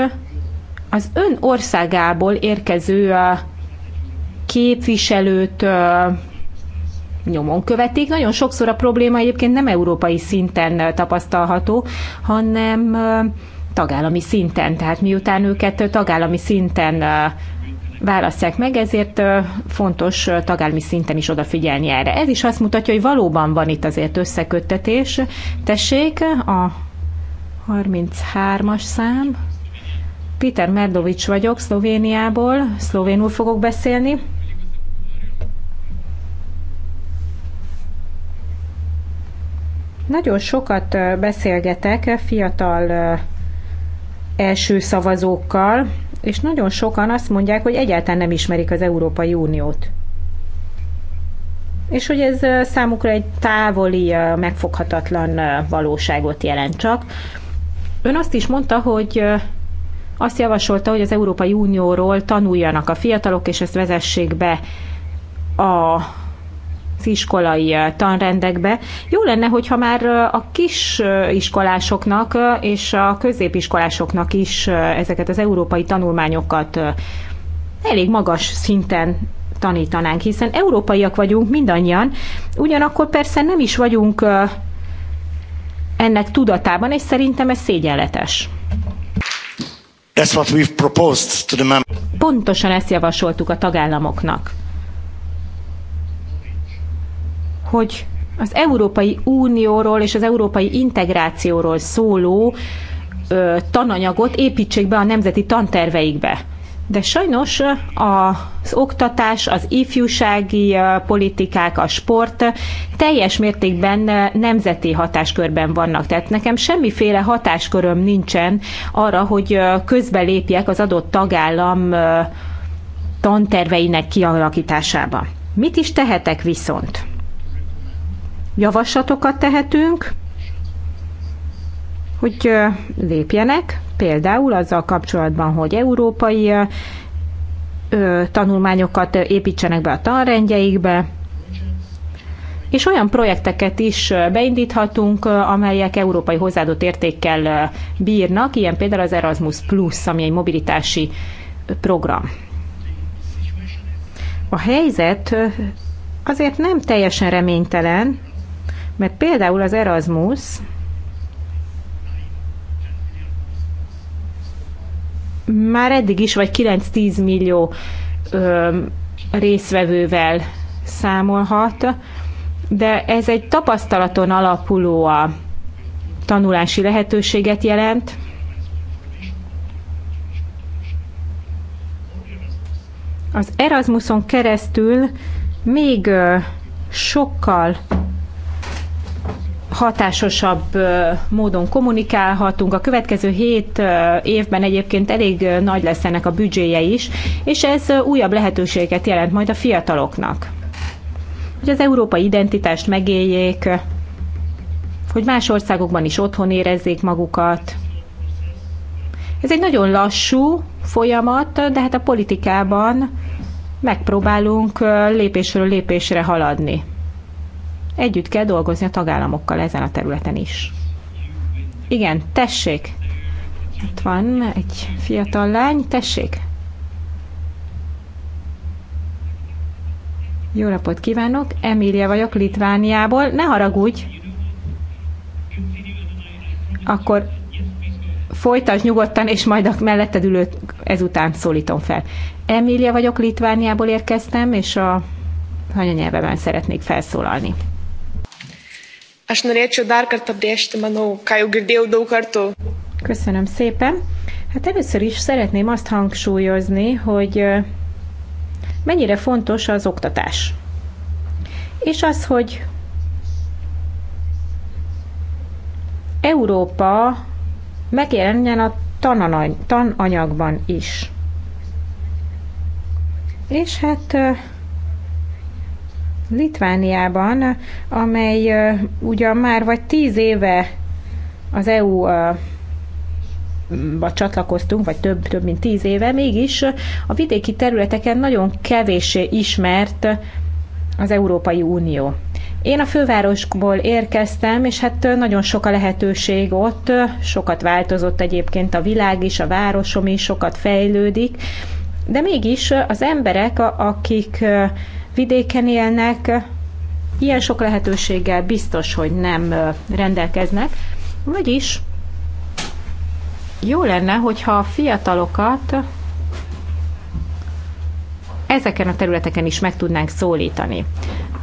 az ön országából érkező képviselőt nyomon követik. Nagyon sokszor a probléma egyébként nem európai szinten tapasztalható, hanem tagállami szinten. Tehát miután őket tagállami szinten válasszák meg, ezért fontos tagállami szinten is odafigyelni erre. Ez is azt mutatja, hogy valóban van itt azért összeköttetés. Tessék, a 33-as szám. Peter Merdovics vagyok, Szlovéniából. Szlovénul fogok beszélni. Nagyon sokat beszélgetek fiatal első szavazókkal, és nagyon sokan azt mondják, hogy egyáltalán nem ismerik az Európai Uniót. És hogy ez számukra egy távoli, megfoghatatlan valóságot jelent csak. Ön azt is mondta, hogy azt javasolta, hogy az Európai Unióról tanuljanak a fiatalok, és ezt vezessék be a iskolai tanrendekbe. Jó lenne, hogyha már a kis iskolásoknak és a középiskolásoknak is ezeket az európai tanulmányokat elég magas szinten tanítanánk, hiszen európaiak vagyunk mindannyian, ugyanakkor persze nem is vagyunk ennek tudatában, és szerintem ez szégyenletes. That's what we've proposed to the Pontosan ezt javasoltuk a tagállamoknak. hogy az Európai Unióról és az európai integrációról szóló ö, tananyagot építsék be a nemzeti tanterveikbe. De sajnos az oktatás, az ifjúsági politikák, a sport teljes mértékben nemzeti hatáskörben vannak. Tehát nekem semmiféle hatásköröm nincsen arra, hogy közbelépjek az adott tagállam tanterveinek kialakításába. Mit is tehetek viszont? javaslatokat tehetünk, hogy lépjenek, például azzal kapcsolatban, hogy európai tanulmányokat építsenek be a tanrendjeikbe, és olyan projekteket is beindíthatunk, amelyek európai hozzáadott értékkel bírnak, ilyen például az Erasmus Plus, ami egy mobilitási program. A helyzet azért nem teljesen reménytelen, mert például az Erasmus már eddig is, vagy 9-10 millió ö, részvevővel számolhat, de ez egy tapasztalaton alapuló a tanulási lehetőséget jelent. Az Erasmuson keresztül még sokkal hatásosabb módon kommunikálhatunk. A következő hét évben egyébként elég nagy lesz ennek a büdzséje is, és ez újabb lehetőséget jelent majd a fiataloknak. Hogy az európai identitást megéljék, hogy más országokban is otthon érezzék magukat. Ez egy nagyon lassú folyamat, de hát a politikában megpróbálunk lépésről lépésre haladni. Együtt kell dolgozni a tagállamokkal ezen a területen is. Igen, tessék! Itt van egy fiatal lány, tessék! Jó napot kívánok, Emília vagyok Litvániából, ne haragudj! Akkor folytasd nyugodtan, és majd a melletted ülőt ezután szólítom fel. Emília vagyok, Litvániából érkeztem, és a anyanyelvemen szeretnék felszólalni. Aš norėčiau dar kartą pabrėžti, manau, ką jau girdėjau daug kartų. Köszönöm szépen. Hát először is szeretném azt hangsúlyozni, hogy mennyire fontos az oktatás. És az, hogy Európa megjelenjen a tananyagban is. És hát Litvániában, amely ugyan már vagy tíz éve az EU vagy csatlakoztunk, vagy több, több mint tíz éve, mégis a vidéki területeken nagyon kevéssé ismert az Európai Unió. Én a fővárosból érkeztem, és hát nagyon sok a lehetőség ott, sokat változott egyébként a világ is, a városom is, sokat fejlődik, de mégis az emberek, akik vidéken élnek, ilyen sok lehetőséggel biztos, hogy nem rendelkeznek, vagyis jó lenne, hogyha a fiatalokat ezeken a területeken is meg tudnánk szólítani.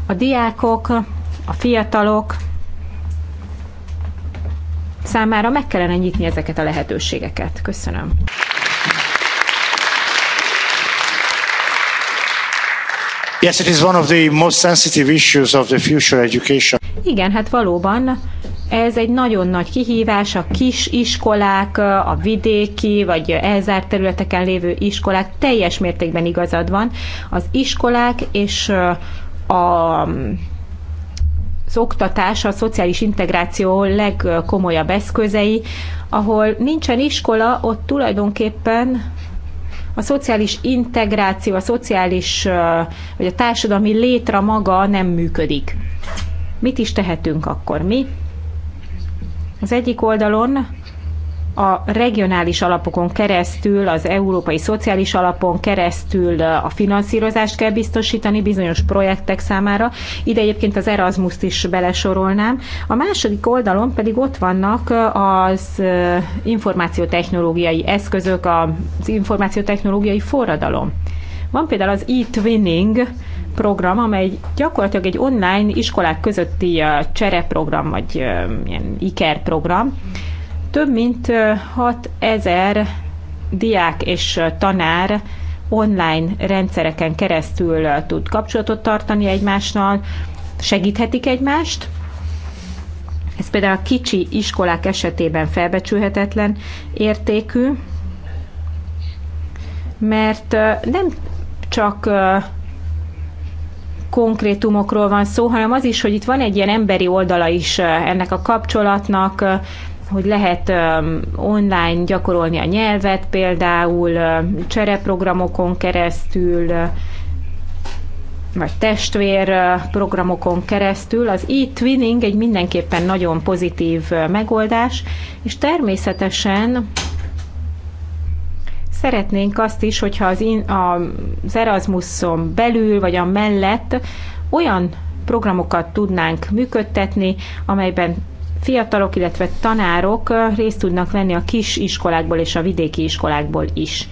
A diákok, a fiatalok számára meg kellene nyitni ezeket a lehetőségeket. Köszönöm. Yes, it is one of the most sensitive issues of the future education. Igen, hát valóban ez egy nagyon nagy kihívás, a kis iskolák, a vidéki vagy elzárt területeken lévő iskolák teljes mértékben igazad van. Az iskolák és a az oktatás a szociális integráció legkomolyabb eszközei, ahol nincsen iskola, ott tulajdonképpen a szociális integráció, a szociális vagy a társadalmi létre maga nem működik. Mit is tehetünk akkor mi? Az egyik oldalon a regionális alapokon keresztül, az európai szociális alapon keresztül a finanszírozást kell biztosítani bizonyos projektek számára. Ide egyébként az Erasmus-t is belesorolnám. A második oldalon pedig ott vannak az információtechnológiai eszközök, az információtechnológiai forradalom. Van például az e-twinning program, amely gyakorlatilag egy online iskolák közötti csereprogram, vagy ilyen IKER program, több mint 6 ezer diák és tanár online rendszereken keresztül tud kapcsolatot tartani egymással, segíthetik egymást. Ez például a kicsi iskolák esetében felbecsülhetetlen értékű, mert nem csak konkrétumokról van szó, hanem az is, hogy itt van egy ilyen emberi oldala is ennek a kapcsolatnak, hogy lehet online gyakorolni a nyelvet, például csereprogramokon keresztül, vagy testvér programokon keresztül. Az e-twinning egy mindenképpen nagyon pozitív megoldás, és természetesen szeretnénk azt is, hogyha az, in, a, az Erasmuson belül, vagy a mellett olyan programokat tudnánk működtetni, amelyben fiatalok, illetve tanárok részt tudnak venni a kis iskolákból és a vidéki iskolákból is.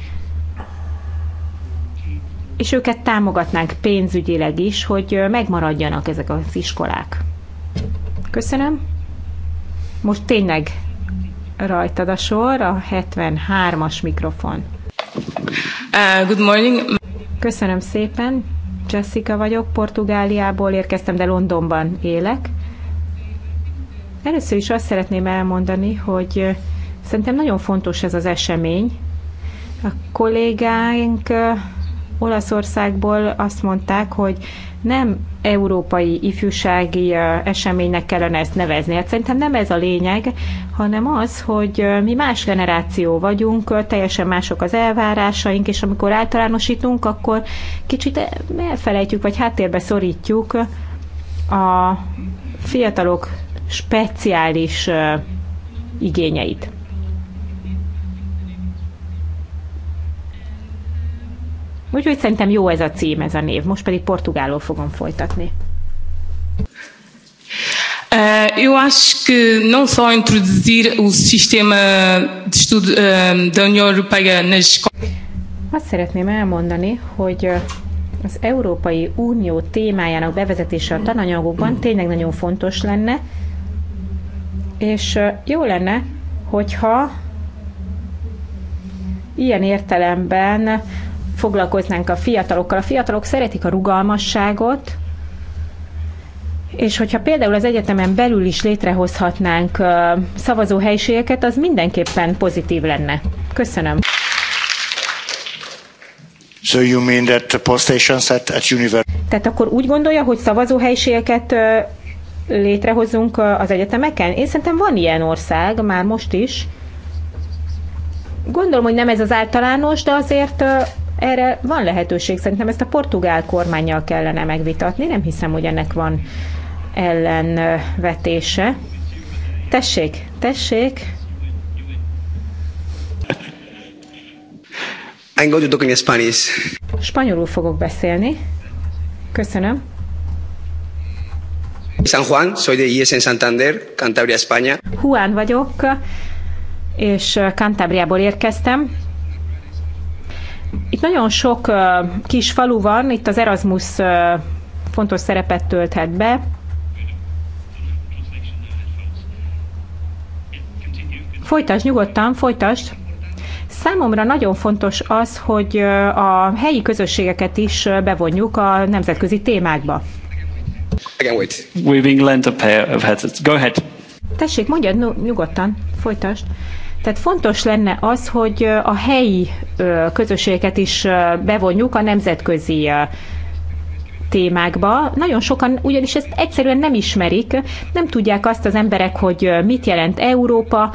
És őket támogatnánk pénzügyileg is, hogy megmaradjanak ezek az iskolák. Köszönöm. Most tényleg rajtad a sor, a 73-as mikrofon. Uh, good morning. Köszönöm szépen. Jessica vagyok, Portugáliából érkeztem, de Londonban élek. Először is azt szeretném elmondani, hogy szerintem nagyon fontos ez az esemény. A kollégáink Olaszországból azt mondták, hogy nem európai ifjúsági eseménynek kellene ezt nevezni. Hát szerintem nem ez a lényeg, hanem az, hogy mi más generáció vagyunk, teljesen mások az elvárásaink, és amikor általánosítunk, akkor kicsit elfelejtjük, vagy háttérbe szorítjuk a fiatalok speciális igényeit. Úgyhogy szerintem jó ez a cím, ez a név. Most pedig portugálul fogom folytatni. Uh, eu acho que não só introduzir o sistema de estudo uh, da União Europeia nas escolas. Azt szeretném elmondani, hogy az Európai Unió témájának bevezetése a tananyagokban tényleg nagyon fontos lenne, és jó lenne, hogyha ilyen értelemben foglalkoznánk a fiatalokkal. A fiatalok szeretik a rugalmasságot, és hogyha például az egyetemen belül is létrehozhatnánk szavazóhelyiségeket, az mindenképpen pozitív lenne. Köszönöm. So you mean that the post stations at, at university... Tehát akkor úgy gondolja, hogy szavazóhelyiségeket létrehozunk az egyetemeken? Én szerintem van ilyen ország, már most is. Gondolom, hogy nem ez az általános, de azért erre van lehetőség. Szerintem ezt a portugál kormányjal kellene megvitatni. Nem hiszem, hogy ennek van ellenvetése. Tessék, tessék. Engedjük, spanyolul fogok beszélni. Köszönöm. San Juan, soy de IES en Santander, Cantabria, España. Juan vagyok, és Cantabriából érkeztem. Itt nagyon sok kis falu van, itt az Erasmus fontos szerepet tölthet be. Folytasd nyugodtan, folytasd. Számomra nagyon fontos az, hogy a helyi közösségeket is bevonjuk a nemzetközi témákba. Igen, wait. With England a pair of headsets. Go ahead. Tessék, mondjad nyugodtan, folytasd. Tehát fontos lenne az, hogy a helyi közösségeket is bevonjuk a nemzetközi témákba. Nagyon sokan ugyanis ezt egyszerűen nem ismerik, nem tudják azt az emberek, hogy mit jelent Európa,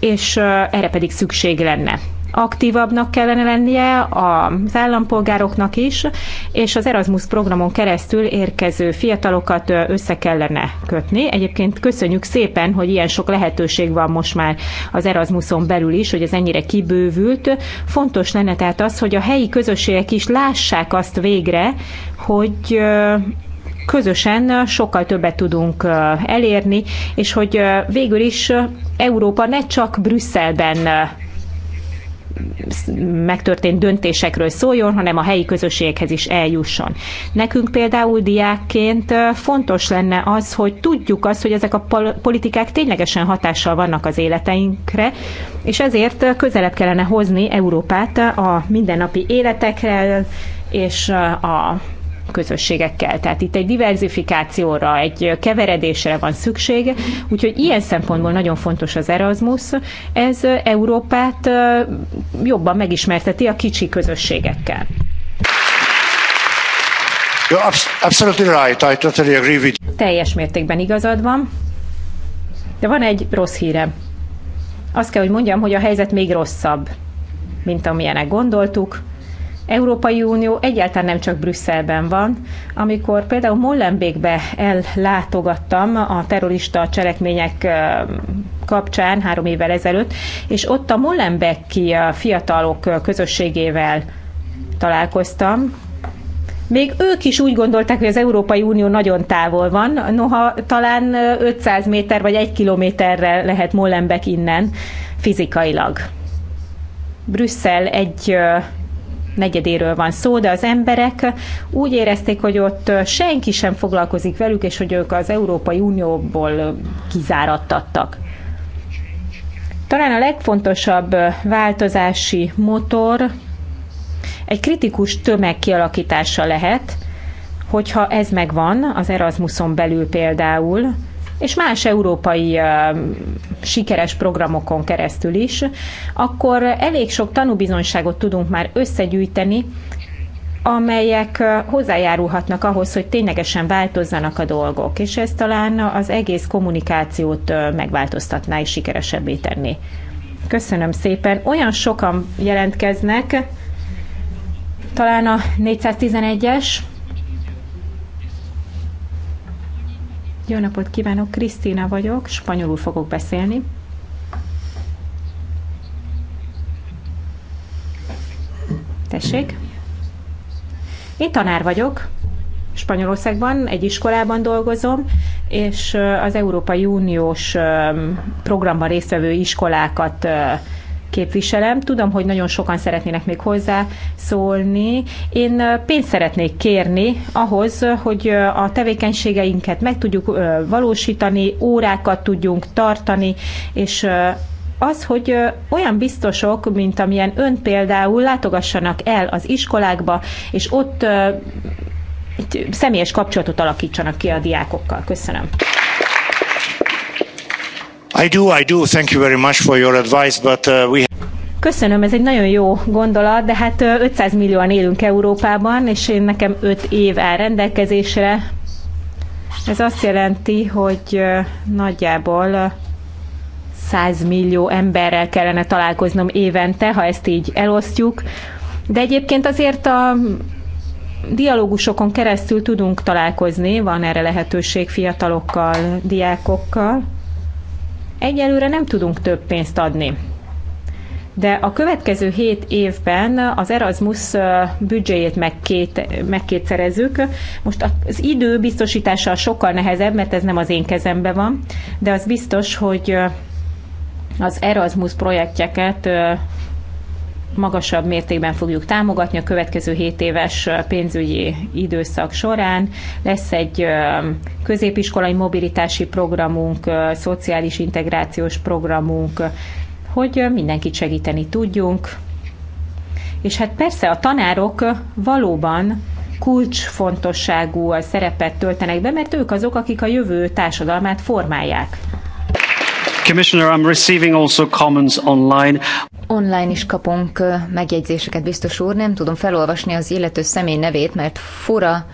és erre pedig szükség lenne aktívabbnak kellene lennie az állampolgároknak is, és az Erasmus programon keresztül érkező fiatalokat össze kellene kötni. Egyébként köszönjük szépen, hogy ilyen sok lehetőség van most már az Erasmuson belül is, hogy ez ennyire kibővült. Fontos lenne tehát az, hogy a helyi közösségek is lássák azt végre, hogy közösen sokkal többet tudunk elérni, és hogy végül is Európa ne csak Brüsszelben megtörtént döntésekről szóljon, hanem a helyi közösséghez is eljusson. Nekünk például diákként fontos lenne az, hogy tudjuk azt, hogy ezek a politikák ténylegesen hatással vannak az életeinkre, és ezért közelebb kellene hozni Európát a mindennapi életekre és a közösségekkel. Tehát itt egy diversifikációra, egy keveredésre van szükség, úgyhogy ilyen szempontból nagyon fontos az Erasmus. Ez Európát jobban megismerteti a kicsi közösségekkel. Absolutely right. I totally agree with you. Teljes mértékben igazad van. De van egy rossz hírem. Azt kell, hogy mondjam, hogy a helyzet még rosszabb, mint amilyenek gondoltuk. Európai Unió egyáltalán nem csak Brüsszelben van. Amikor például Mollenbékbe ellátogattam a terrorista cselekmények kapcsán három évvel ezelőtt, és ott a Mollenbeki fiatalok közösségével találkoztam, még ők is úgy gondolták, hogy az Európai Unió nagyon távol van, noha talán 500 méter vagy egy kilométerre lehet Molenbeek innen fizikailag. Brüsszel egy negyedéről van szó, de az emberek úgy érezték, hogy ott senki sem foglalkozik velük, és hogy ők az Európai Unióból kizáradtattak. Talán a legfontosabb változási motor egy kritikus tömeg kialakítása lehet, hogyha ez megvan, az Erasmuson belül például, és más európai sikeres programokon keresztül is, akkor elég sok tanúbizonyságot tudunk már összegyűjteni, amelyek hozzájárulhatnak ahhoz, hogy ténylegesen változzanak a dolgok, és ez talán az egész kommunikációt megváltoztatná és sikeresebbé tenni. Köszönöm szépen. Olyan sokan jelentkeznek, talán a 411-es, Jó napot kívánok, Krisztina vagyok, spanyolul fogok beszélni. Tessék. Én tanár vagyok, Spanyolországban, egy iskolában dolgozom, és az Európai Uniós programban résztvevő iskolákat képviselem. Tudom, hogy nagyon sokan szeretnének még hozzá szólni. Én pénzt szeretnék kérni ahhoz, hogy a tevékenységeinket meg tudjuk valósítani, órákat tudjunk tartani, és az, hogy olyan biztosok, mint amilyen ön például látogassanak el az iskolákba, és ott egy személyes kapcsolatot alakítsanak ki a diákokkal. Köszönöm. I do, I do. Thank you very much for your advice, but uh, we Köszönöm, ez egy nagyon jó gondolat, de hát 500 millióan élünk Európában, és én nekem 5 év áll rendelkezésre. Ez azt jelenti, hogy nagyjából 100 millió emberrel kellene találkoznom évente, ha ezt így elosztjuk. De egyébként azért a dialógusokon keresztül tudunk találkozni, van erre lehetőség fiatalokkal, diákokkal. Egyelőre nem tudunk több pénzt adni. De a következő hét évben az Erasmus büdzséjét megkét, megkétszerezzük. Most az idő biztosítása sokkal nehezebb, mert ez nem az én kezembe van, de az biztos, hogy az Erasmus projektjeket magasabb mértékben fogjuk támogatni a következő 7 éves pénzügyi időszak során. Lesz egy középiskolai mobilitási programunk, szociális integrációs programunk, hogy mindenkit segíteni tudjunk. És hát persze a tanárok valóban kulcsfontosságú szerepet töltenek be, mert ők azok, akik a jövő társadalmát formálják. Commissioner, I'm receiving also comments online. Online is kapunk megjegyzéseket, biztos úr. Nem tudom felolvasni az illető személy nevét, mert fura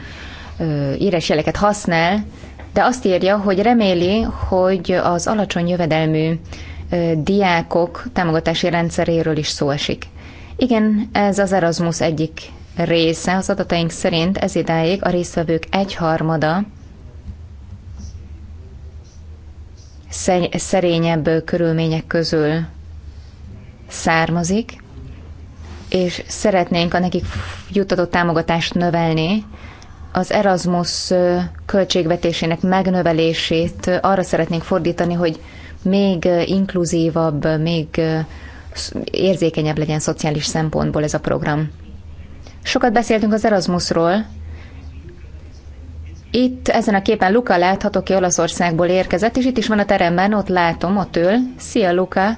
írásjeleket használ, de azt írja, hogy reméli, hogy az alacsony jövedelmű diákok támogatási rendszeréről is szó esik. Igen, ez az Erasmus egyik része. Az adataink szerint ez idáig a résztvevők egyharmada szerényebb körülmények közül származik, és szeretnénk a nekik juttatott támogatást növelni, az Erasmus költségvetésének megnövelését arra szeretnénk fordítani, hogy még inkluzívabb, még érzékenyebb legyen szociális szempontból ez a program. Sokat beszéltünk az Erasmusról, itt ezen a képen Luka látható, aki Olaszországból érkezett, és itt is van a teremben, ott látom, ott ül. Szia, Luka!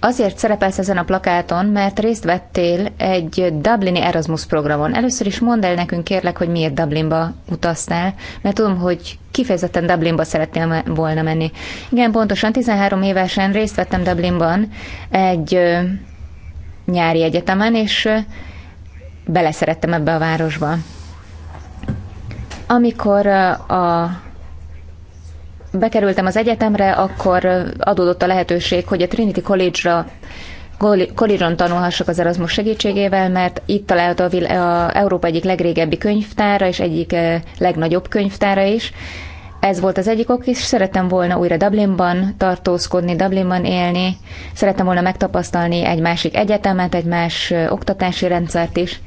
Azért szerepelsz ezen a plakáton, mert részt vettél egy Dublini Erasmus programon. Először is mondd el nekünk kérlek, hogy miért Dublinba utaztál, mert tudom, hogy kifejezetten Dublinba szeretnél volna menni. Igen, pontosan 13 évesen részt vettem Dublinban egy nyári egyetemen, és beleszerettem ebbe a városba. Amikor a bekerültem az egyetemre, akkor adódott a lehetőség, hogy a Trinity College-ra College-on tanulhassak az Erasmus segítségével, mert itt található a, a Európa egyik legrégebbi könyvtára és egyik legnagyobb könyvtára is. Ez volt az egyik ok, és szerettem volna újra Dublinban tartózkodni, Dublinban élni, szerettem volna megtapasztalni egy másik egyetemet, egy más oktatási rendszert is.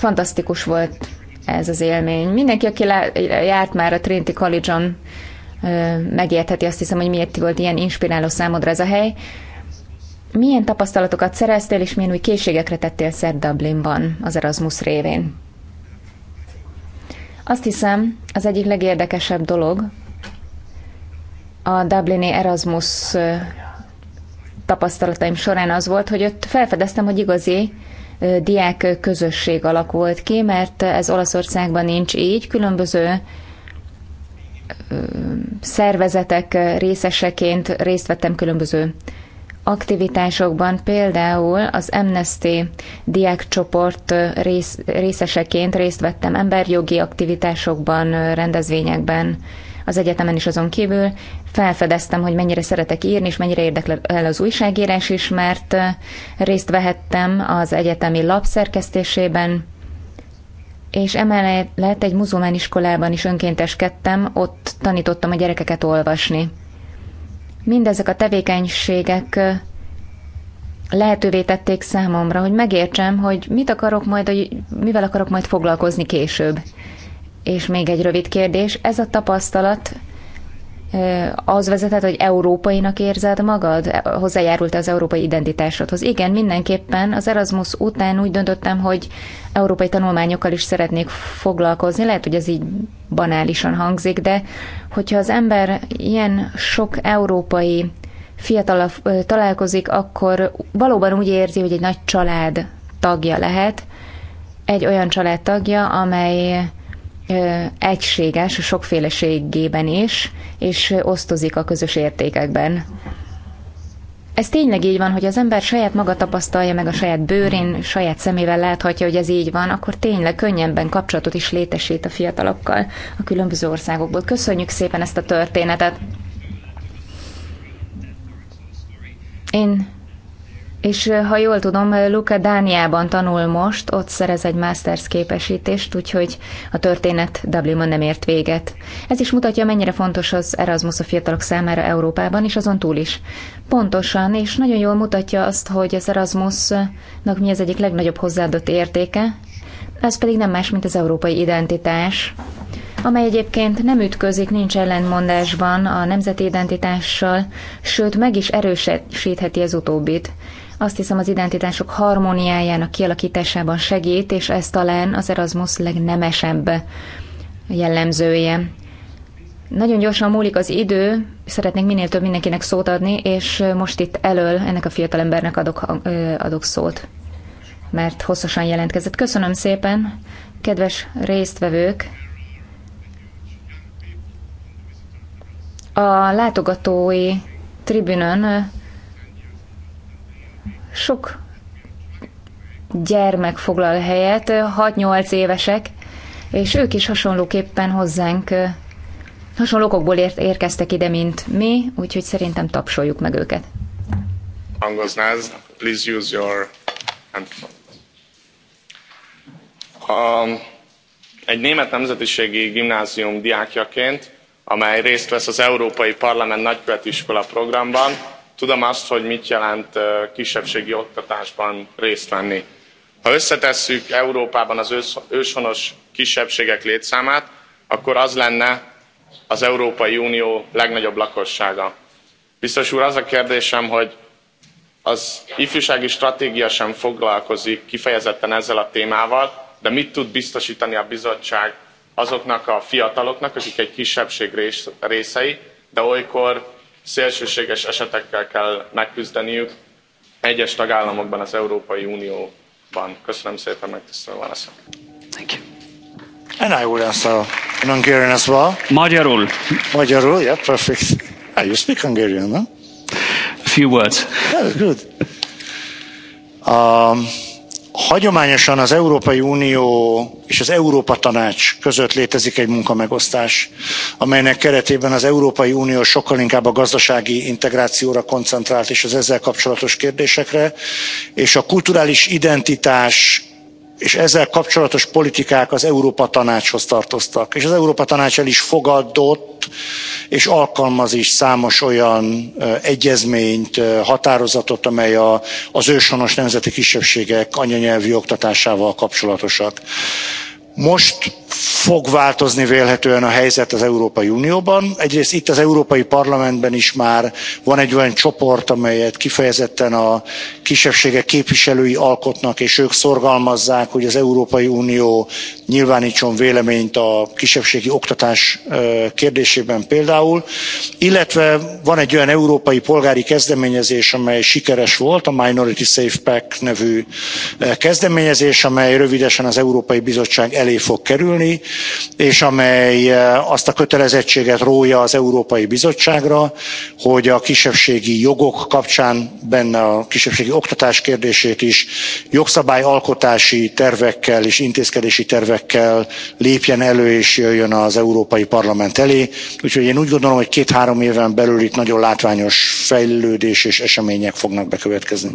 Fantasztikus volt ez az élmény. Mindenki, aki járt már a Trinity College-on, megértheti azt hiszem, hogy miért volt ilyen inspiráló számodra ez a hely. Milyen tapasztalatokat szereztél, és milyen új készségekre tettél szert Dublinban az Erasmus révén? Azt hiszem, az egyik legérdekesebb dolog a Dublini Erasmus tapasztalataim során az volt, hogy ott felfedeztem, hogy igazi diák közösség alakult ki, mert ez Olaszországban nincs így, különböző szervezetek részeseként részt vettem különböző aktivitásokban, például az Amnesty diákcsoport rész, részeseként részt vettem emberjogi aktivitásokban, rendezvényekben, az egyetemen is azon kívül, felfedeztem, hogy mennyire szeretek írni, és mennyire érdekel az újságírás is, mert részt vehettem az egyetemi lap szerkesztésében, és emellett egy muzulmán iskolában is önkénteskedtem, ott tanítottam a gyerekeket olvasni. Mindezek a tevékenységek lehetővé tették számomra, hogy megértsem, hogy mit akarok majd, mivel akarok majd foglalkozni később. És még egy rövid kérdés. Ez a tapasztalat az vezetett, hogy európainak érzed magad? Hozzájárult az európai identitásodhoz? Igen, mindenképpen az Erasmus után úgy döntöttem, hogy európai tanulmányokkal is szeretnék foglalkozni. Lehet, hogy ez így banálisan hangzik, de hogyha az ember ilyen sok európai fiatal találkozik, akkor valóban úgy érzi, hogy egy nagy család tagja lehet, egy olyan család tagja, amely egységes a sokféleségében is, és osztozik a közös értékekben. Ez tényleg így van, hogy az ember saját maga tapasztalja meg a saját bőrén, saját szemével láthatja, hogy ez így van, akkor tényleg könnyebben kapcsolatot is létesít a fiatalokkal a különböző országokból. Köszönjük szépen ezt a történetet! Én és eh, ha jól tudom, Luca Dániában tanul most, ott szerez egy masters képesítést, úgyhogy a történet Dublinban nem ért véget. Ez is mutatja, mennyire fontos az Erasmus a fiatalok számára Európában, és azon túl is. Pontosan, és nagyon jól mutatja azt, hogy az Erasmusnak mi az egyik legnagyobb hozzáadott értéke, ez pedig nem más, mint az európai identitás, amely egyébként nem ütközik, nincs ellentmondásban a nemzeti identitással, sőt meg is erősítheti az utóbbit azt hiszem az identitások harmóniájának kialakításában segít, és ez talán az Erasmus legnemesebb jellemzője. Nagyon gyorsan múlik az idő, szeretnék minél több mindenkinek szót adni, és most itt elől ennek a fiatalembernek adok, adok szót, mert hosszasan jelentkezett. Köszönöm szépen, kedves résztvevők! A látogatói tribünön sok gyermek foglal helyet, 6-8 évesek, és ők is hasonlóképpen hozzánk hasonló okokból ér- érkeztek ide, mint mi, úgyhogy szerintem tapsoljuk meg őket. Hangoznáz, please use your handphone. Um, egy német nemzetiségi gimnázium diákjaként, amely részt vesz az Európai Parlament nagykövetiskola programban, tudom azt, hogy mit jelent kisebbségi oktatásban részt venni. Ha összetesszük Európában az őshonos kisebbségek létszámát, akkor az lenne az Európai Unió legnagyobb lakossága. Biztos úr, az a kérdésem, hogy az ifjúsági stratégia sem foglalkozik kifejezetten ezzel a témával, de mit tud biztosítani a bizottság azoknak a fiataloknak, akik egy kisebbség részei, de olykor szélsőséges esetekkel kell megküzdeniük egyes tagállamokban az Európai Unióban. Köszönöm szépen megtisztelő válaszom. Thank you. And I will answer in Hungarian as well. Magyarul. Magyarul, yeah, perfect. Ah, you speak Hungarian, no? A few words. Yeah, good. Um, Hagyományosan az Európai Unió és az Európa Tanács között létezik egy munkamegosztás, amelynek keretében az Európai Unió sokkal inkább a gazdasági integrációra koncentrált és az ezzel kapcsolatos kérdésekre, és a kulturális identitás és ezzel kapcsolatos politikák az Európa Tanácshoz tartoztak. És az Európa Tanács el is fogadott és alkalmaz is számos olyan egyezményt, határozatot, amely a, az őshonos nemzeti kisebbségek anyanyelvi oktatásával kapcsolatosak. Most fog változni vélhetően a helyzet az Európai Unióban. Egyrészt itt az Európai Parlamentben is már van egy olyan csoport, amelyet kifejezetten a kisebbségek képviselői alkotnak, és ők szorgalmazzák, hogy az Európai Unió nyilvánítson véleményt a kisebbségi oktatás kérdésében például. Illetve van egy olyan európai polgári kezdeményezés, amely sikeres volt, a Minority Safe Pack nevű kezdeményezés, amely rövidesen az Európai Bizottság elé fog kerülni kerülni, és amely eh, azt a kötelezettséget rója az Európai Bizottságra, hogy a kisebbségi jogok kapcsán benne a kisebbségi oktatás kérdését is jogszabályalkotási tervekkel és intézkedési tervekkel lépjen elő és jöjjön az Európai Parlament elé. Úgyhogy én úgy gondolom, hogy két-három éven belül itt nagyon látványos fejlődés és események fognak bekövetkezni.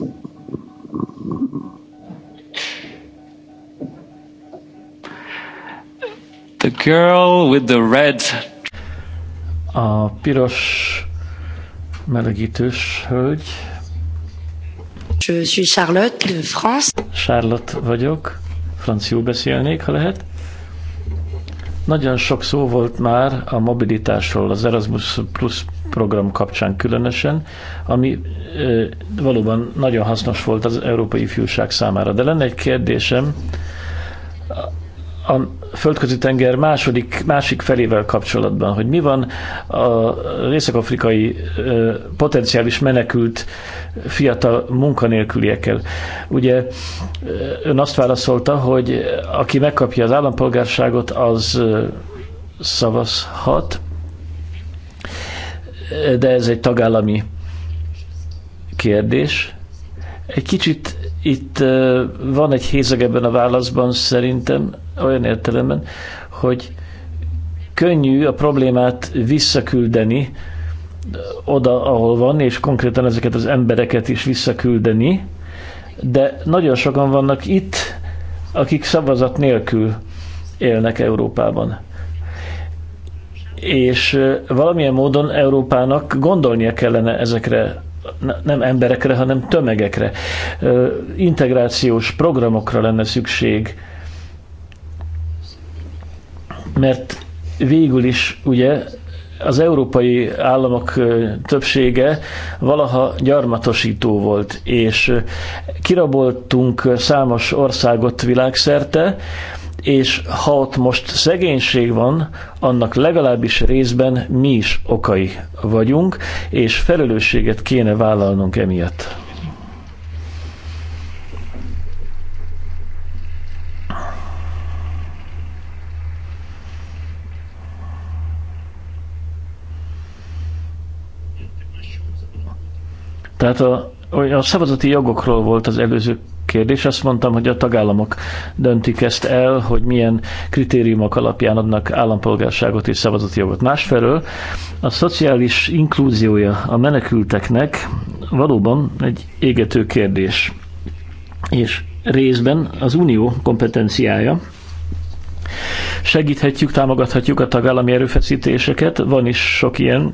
The girl with the red... A piros melegítős hölgy. Je suis Charlotte de France. Charlotte vagyok. Franciául beszélnék, ha lehet. Nagyon sok szó volt már a mobilitásról, az Erasmus Plus program kapcsán különösen, ami e, valóban nagyon hasznos volt az európai ifjúság számára. De lenne egy kérdésem a földközi tenger második, másik felével kapcsolatban, hogy mi van a észak-afrikai potenciális menekült fiatal munkanélküliekkel. Ugye ön azt válaszolta, hogy aki megkapja az állampolgárságot, az szavazhat, de ez egy tagállami kérdés. Egy kicsit itt van egy hézeg ebben a válaszban szerintem, olyan értelemben, hogy könnyű a problémát visszaküldeni oda, ahol van, és konkrétan ezeket az embereket is visszaküldeni, de nagyon sokan vannak itt, akik szavazat nélkül élnek Európában. És valamilyen módon Európának gondolnia kellene ezekre nem emberekre, hanem tömegekre. Integrációs programokra lenne szükség, mert végül is ugye az európai államok többsége valaha gyarmatosító volt, és kiraboltunk számos országot világszerte, és ha ott most szegénység van, annak legalábbis részben mi is okai vagyunk, és felelősséget kéne vállalnunk emiatt. Tehát a, a szavazati jogokról volt az előző kérdés. Azt mondtam, hogy a tagállamok döntik ezt el, hogy milyen kritériumok alapján adnak állampolgárságot és szavazati jogot. Másfelől a szociális inklúziója a menekülteknek valóban egy égető kérdés. És részben az unió kompetenciája, segíthetjük, támogathatjuk a tagállami erőfeszítéseket, van is sok ilyen,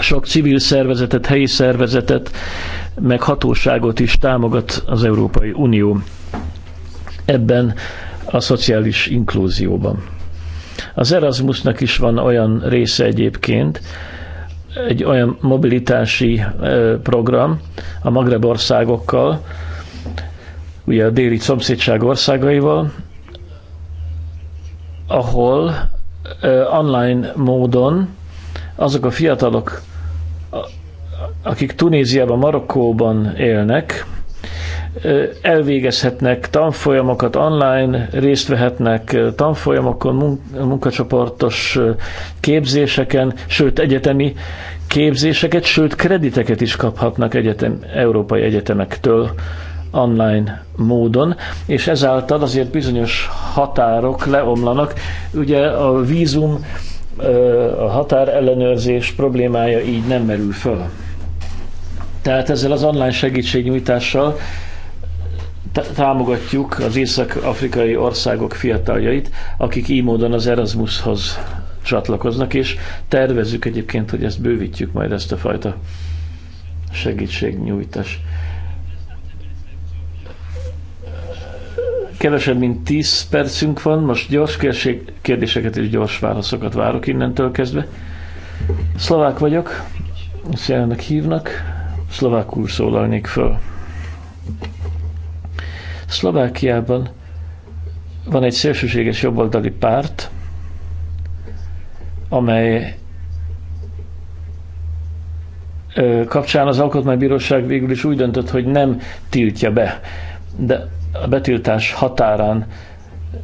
sok civil szervezetet, helyi szervezetet, meg hatóságot is támogat az Európai Unió ebben a szociális inklúzióban. Az Erasmusnak is van olyan része egyébként, egy olyan mobilitási program a Magreb országokkal, ugye a déli szomszédság országaival, ahol online módon azok a fiatalok, akik Tunéziában, Marokkóban élnek, elvégezhetnek tanfolyamokat online, részt vehetnek tanfolyamokon, munkacsoportos képzéseken, sőt egyetemi képzéseket, sőt krediteket is kaphatnak egyetem, európai egyetemektől online módon, és ezáltal azért bizonyos határok leomlanak. Ugye a vízum a határellenőrzés problémája így nem merül föl. Tehát ezzel az online segítségnyújtással támogatjuk az észak-afrikai országok fiataljait, akik így módon az Erasmushoz csatlakoznak, és tervezzük egyébként, hogy ezt bővítjük majd ezt a fajta segítségnyújtást. kevesebb, mint 10 percünk van, most gyors kérség, kérdéseket és gyors válaszokat várok innentől kezdve. Szlovák vagyok, Szelnek hívnak, szlovákul szólalnék föl. Szlovákiában van egy szélsőséges jobboldali párt, amely kapcsán az Alkotmánybíróság végül is úgy döntött, hogy nem tiltja be. De a betiltás határán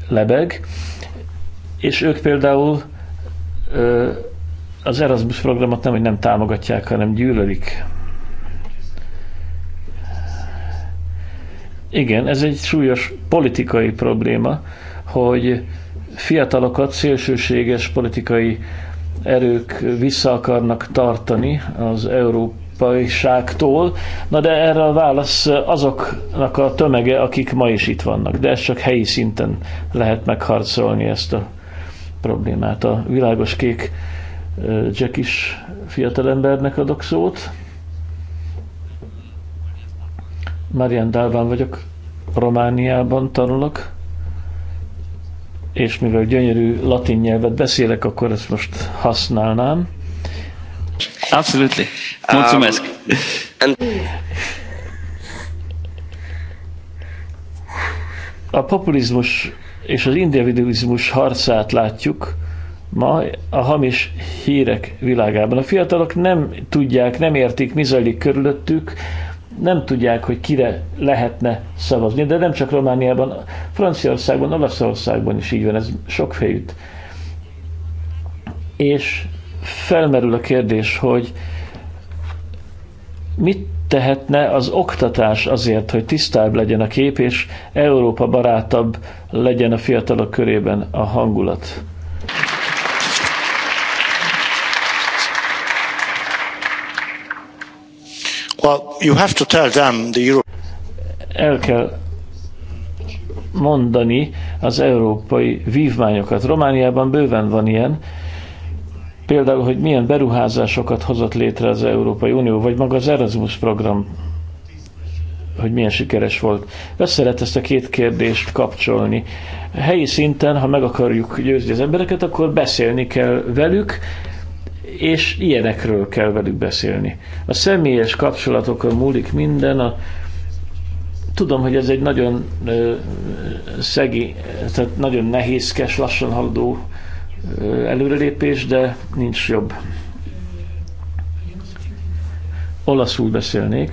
lebeg, és ők például az Erasmus programot nem, hogy nem támogatják, hanem gyűlölik. Igen, ez egy súlyos politikai probléma, hogy fiatalokat szélsőséges politikai erők vissza akarnak tartani az Európa európaiságtól. Na de erre a válasz azoknak a tömege, akik ma is itt vannak. De ez csak helyi szinten lehet megharcolni ezt a problémát. A világos kék Jack is fiatalembernek adok szót. Marian Dálván vagyok, Romániában tanulok, és mivel gyönyörű latin nyelvet beszélek, akkor ezt most használnám. Absolutely. Mulțumesc. Um, and... A populizmus és az individualizmus harcát látjuk ma a hamis hírek világában. A fiatalok nem tudják, nem értik, mi zajlik körülöttük, nem tudják, hogy kire lehetne szavazni, de nem csak Romániában, Franciaországban, Olaszországban is így van, ez sokfejűt. És felmerül a kérdés, hogy mit tehetne az oktatás azért, hogy tisztább legyen a kép, és Európa barátabb legyen a fiatalok körében a hangulat. Well, you have to tell them the Euro- El kell mondani az európai vívmányokat. Romániában bőven van ilyen, Például, hogy milyen beruházásokat hozott létre az Európai Unió, vagy maga az Erasmus program, hogy milyen sikeres volt. Össze lehet ezt a két kérdést kapcsolni. Helyi szinten, ha meg akarjuk győzni az embereket, akkor beszélni kell velük, és ilyenekről kell velük beszélni. A személyes kapcsolatokon múlik minden, a, tudom, hogy ez egy nagyon ö, szegi, tehát nagyon nehézkes, lassan haladó előrelépés, de nincs jobb. Olaszul beszélnék.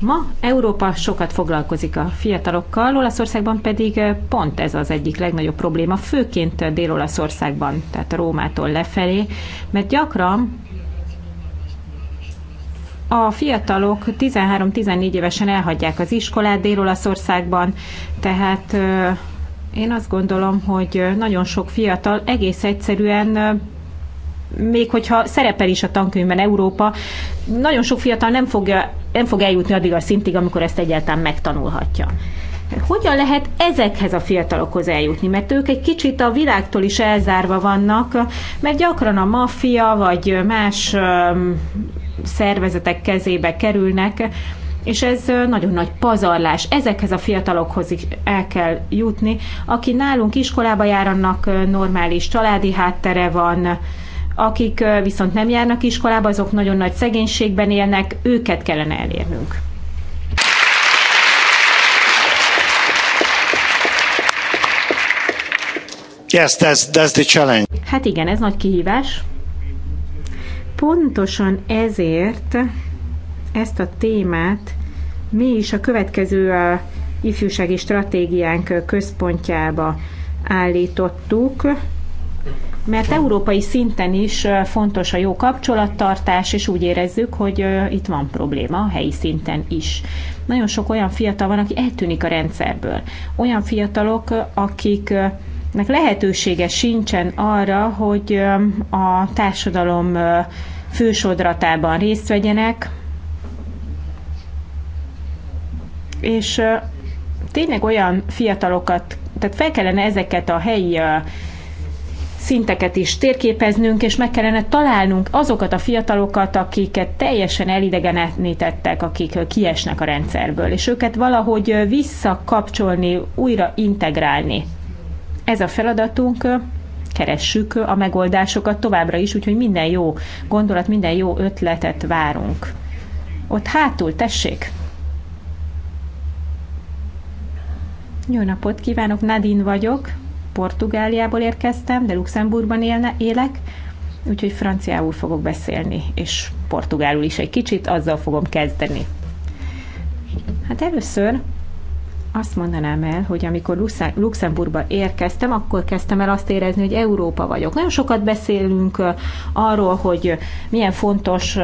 Ma Európa sokat foglalkozik a fiatalokkal, Olaszországban pedig pont ez az egyik legnagyobb probléma, főként Dél-Olaszországban, tehát Rómától lefelé, mert gyakran a fiatalok 13-14 évesen elhagyják az iskolát Dél-Olaszországban, tehát én azt gondolom, hogy nagyon sok fiatal egész egyszerűen még hogyha szerepel is a tankönyvben Európa, nagyon sok fiatal nem, fogja, nem fog eljutni addig a szintig, amikor ezt egyáltalán megtanulhatja. Hogyan lehet ezekhez a fiatalokhoz eljutni? Mert ők egy kicsit a világtól is elzárva vannak, mert gyakran a maffia vagy más szervezetek kezébe kerülnek, és ez nagyon nagy pazarlás. Ezekhez a fiatalokhoz is el kell jutni, aki nálunk iskolába jár, annak normális családi háttere van, akik viszont nem járnak iskolába, azok nagyon nagy szegénységben élnek, őket kellene elérnünk. Yes, that's, that's the challenge. Hát igen, ez nagy kihívás. Pontosan ezért ezt a témát mi is a következő a ifjúsági stratégiánk központjába állítottuk, mert európai szinten is fontos a jó kapcsolattartás, és úgy érezzük, hogy itt van probléma a helyi szinten is. Nagyon sok olyan fiatal van, aki eltűnik a rendszerből. Olyan fiatalok, akiknek lehetősége sincsen arra, hogy a társadalom fősodratában részt vegyenek, és tényleg olyan fiatalokat, tehát fel kellene ezeket a helyi szinteket is térképeznünk, és meg kellene találnunk azokat a fiatalokat, akiket teljesen elidegenítettek, akik kiesnek a rendszerből, és őket valahogy visszakapcsolni, újra integrálni. Ez a feladatunk, keressük a megoldásokat továbbra is, úgyhogy minden jó gondolat, minden jó ötletet várunk. Ott hátul, tessék! Jó napot kívánok, Nadin vagyok, Portugáliából érkeztem, de Luxemburgban élne, élek, úgyhogy franciául fogok beszélni, és portugálul is egy kicsit, azzal fogom kezdeni. Hát először azt mondanám el, hogy amikor Luxemburgba érkeztem, akkor kezdtem el azt érezni, hogy Európa vagyok. Nagyon sokat beszélünk arról, hogy milyen fontos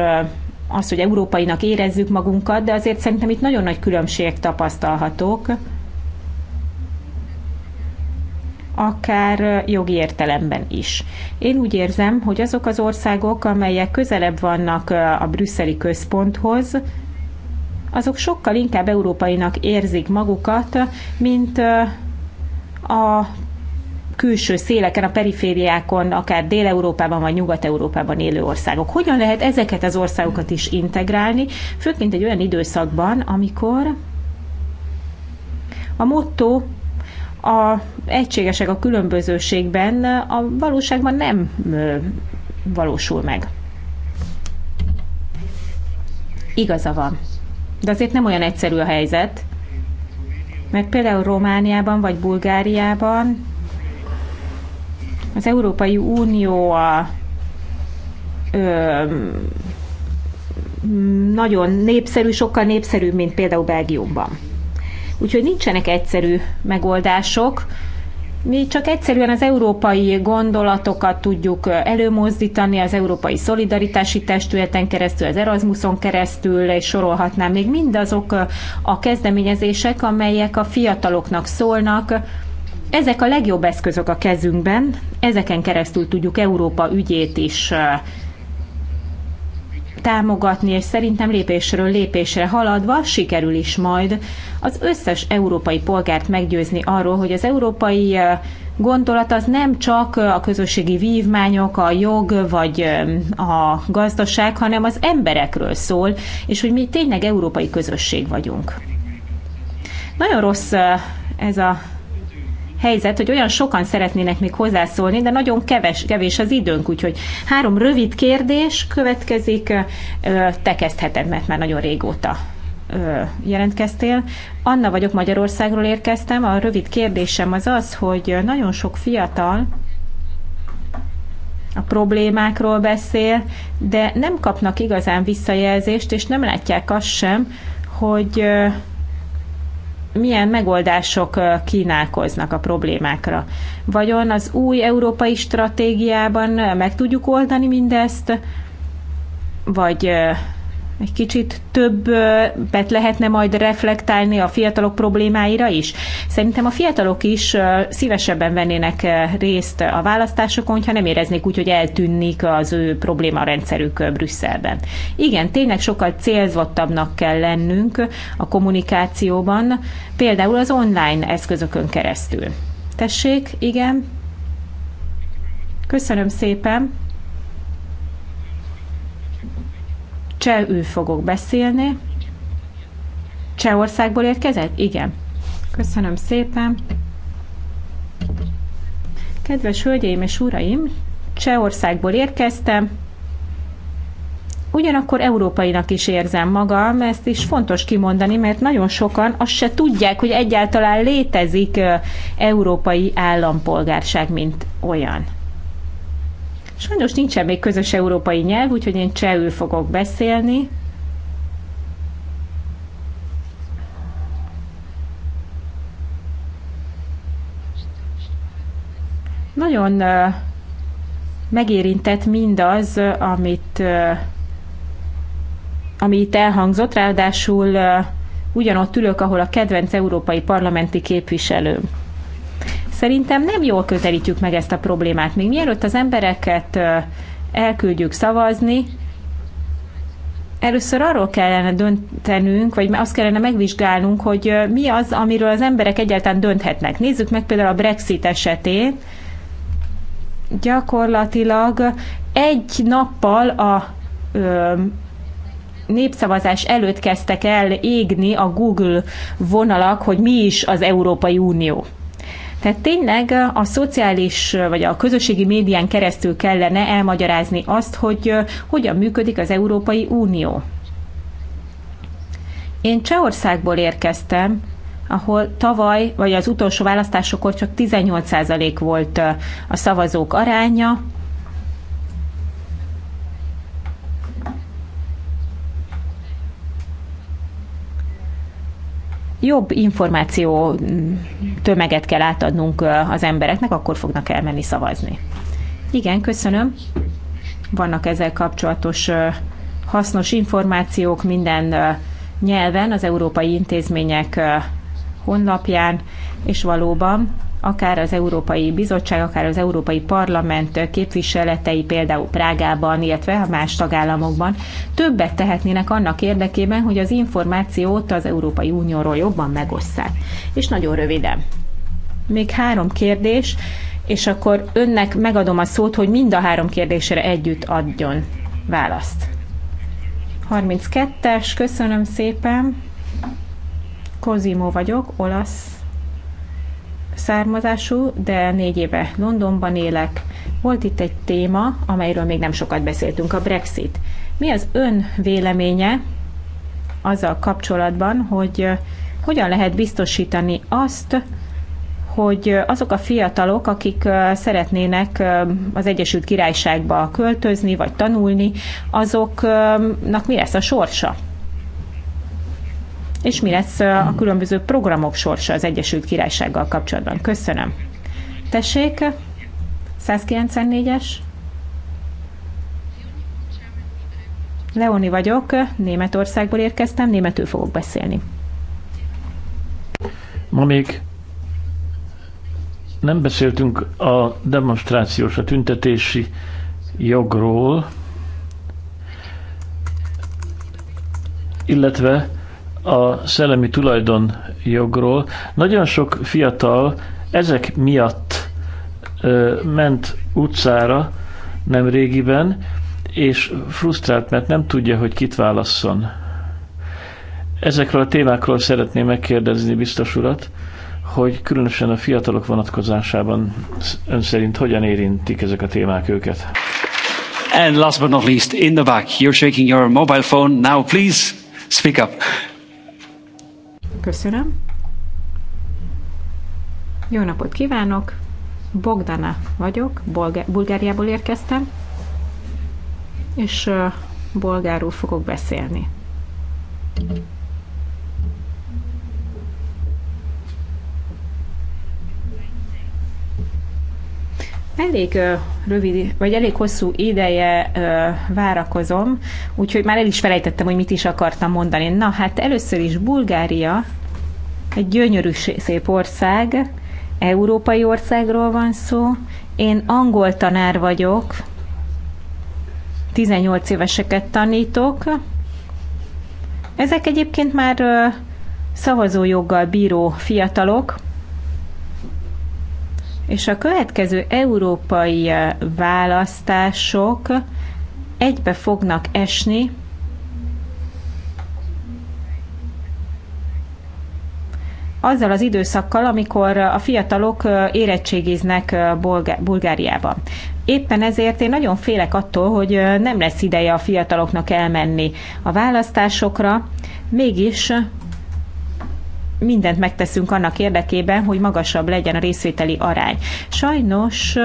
az, hogy európainak érezzük magunkat, de azért szerintem itt nagyon nagy különbségek tapasztalhatók, akár jogi értelemben is. Én úgy érzem, hogy azok az országok, amelyek közelebb vannak a brüsszeli központhoz, azok sokkal inkább európainak érzik magukat, mint a külső széleken, a perifériákon, akár Dél-Európában vagy Nyugat-Európában élő országok. Hogyan lehet ezeket az országokat is integrálni, főként egy olyan időszakban, amikor a motto a egységesek a különbözőségben a valóságban nem valósul meg. Igaza van de azért nem olyan egyszerű a helyzet, mert például Romániában vagy Bulgáriában az Európai Unió a, ö, nagyon népszerű, sokkal népszerűbb, mint például Belgiumban. Úgyhogy nincsenek egyszerű megoldások, mi csak egyszerűen az európai gondolatokat tudjuk előmozdítani, az európai szolidaritási testületen keresztül, az Erasmuson keresztül, és sorolhatnám még mindazok a kezdeményezések, amelyek a fiataloknak szólnak. Ezek a legjobb eszközök a kezünkben, ezeken keresztül tudjuk Európa ügyét is támogatni, és szerintem lépésről lépésre haladva sikerül is majd az összes európai polgárt meggyőzni arról, hogy az európai gondolat az nem csak a közösségi vívmányok, a jog vagy a gazdaság, hanem az emberekről szól, és hogy mi tényleg európai közösség vagyunk. Nagyon rossz ez a helyzet, hogy olyan sokan szeretnének még hozzászólni, de nagyon keves, kevés az időnk, úgyhogy három rövid kérdés következik. Te kezdheted, mert már nagyon régóta jelentkeztél. Anna vagyok, Magyarországról érkeztem. A rövid kérdésem az az, hogy nagyon sok fiatal a problémákról beszél, de nem kapnak igazán visszajelzést, és nem látják azt sem, hogy milyen megoldások kínálkoznak a problémákra. Vajon az új európai stratégiában meg tudjuk oldani mindezt, vagy egy kicsit több bet lehetne majd reflektálni a fiatalok problémáira is? Szerintem a fiatalok is szívesebben vennének részt a választásokon, hogyha nem éreznék úgy, hogy eltűnnik az ő probléma rendszerük Brüsszelben. Igen, tényleg sokkal célzottabbnak kell lennünk a kommunikációban, például az online eszközökön keresztül. Tessék, igen. Köszönöm szépen. Csehül fogok beszélni. Csehországból érkezett? Igen. Köszönöm szépen. Kedves hölgyeim és uraim, Csehországból érkeztem. Ugyanakkor európainak is érzem magam, ezt is fontos kimondani, mert nagyon sokan azt se tudják, hogy egyáltalán létezik európai állampolgárság, mint olyan. Sajnos nincsen még közös európai nyelv, úgyhogy én csehül fogok beszélni. Nagyon megérintett mindaz, amit ami itt elhangzott, ráadásul ugyanott ülök, ahol a kedvenc európai parlamenti képviselőm. Szerintem nem jól közelítjük meg ezt a problémát. Még mielőtt az embereket elküldjük szavazni, először arról kellene döntenünk, vagy azt kellene megvizsgálnunk, hogy mi az, amiről az emberek egyáltalán dönthetnek. Nézzük meg például a Brexit esetén. Gyakorlatilag egy nappal a ö, népszavazás előtt kezdtek el égni a Google vonalak, hogy mi is az Európai Unió. Tehát tényleg a szociális vagy a közösségi médián keresztül kellene elmagyarázni azt, hogy hogyan működik az Európai Unió. Én Csehországból érkeztem, ahol tavaly, vagy az utolsó választásokor csak 18% volt a szavazók aránya, jobb információ mm, tömeget kell átadnunk az embereknek, akkor fognak elmenni szavazni. Igen, köszönöm. Vannak ezzel kapcsolatos hasznos információk minden nyelven az európai intézmények honlapján, és valóban akár az Európai Bizottság, akár az Európai Parlament képviseletei például Prágában, illetve más tagállamokban többet tehetnének annak érdekében, hogy az információt az Európai Unióról jobban megosszák. És nagyon röviden. Még három kérdés, és akkor önnek megadom a szót, hogy mind a három kérdésre együtt adjon választ. 32-es, köszönöm szépen. Kozimó vagyok, olasz származású, de négy éve Londonban élek. Volt itt egy téma, amelyről még nem sokat beszéltünk, a Brexit. Mi az ön véleménye azzal kapcsolatban, hogy hogyan lehet biztosítani azt, hogy azok a fiatalok, akik szeretnének az Egyesült Királyságba költözni vagy tanulni, azoknak mi lesz a sorsa? és mi lesz a különböző programok sorsa az Egyesült Királysággal kapcsolatban. Köszönöm. Tessék, 194-es. Leoni vagyok, Németországból érkeztem, németül fogok beszélni. Ma még nem beszéltünk a demonstrációs, a tüntetési jogról, illetve a szellemi tulajdonjogról. Nagyon sok fiatal ezek miatt ö, ment utcára nem régiben, és frusztrált, mert nem tudja, hogy kit válasszon. Ezekről a témákról szeretném megkérdezni biztos urat, hogy különösen a fiatalok vonatkozásában ön szerint hogyan érintik ezek a témák őket. And last but not least, in the back, you're shaking your mobile phone. Now please speak up. Köszönöm. Jó napot kívánok! Bogdana vagyok, Bulgáriából érkeztem, és bolgárul fogok beszélni. Elég rövid, vagy elég hosszú ideje várakozom, úgyhogy már el is felejtettem, hogy mit is akartam mondani. Na hát először is Bulgária, egy gyönyörű szép ország, európai országról van szó. Én angol tanár vagyok, 18 éveseket tanítok. Ezek egyébként már szavazójoggal bíró fiatalok, és a következő európai eh, választások egybe fognak esni azzal az időszakkal, amikor eh, a fiatalok eh, érettségiznek Bulgáriában. Éppen ezért én nagyon félek attól, hogy nem lesz ideje a fiataloknak elmenni a választásokra, mégis mindent megteszünk annak érdekében, hogy magasabb legyen a részvételi arány. Sajnos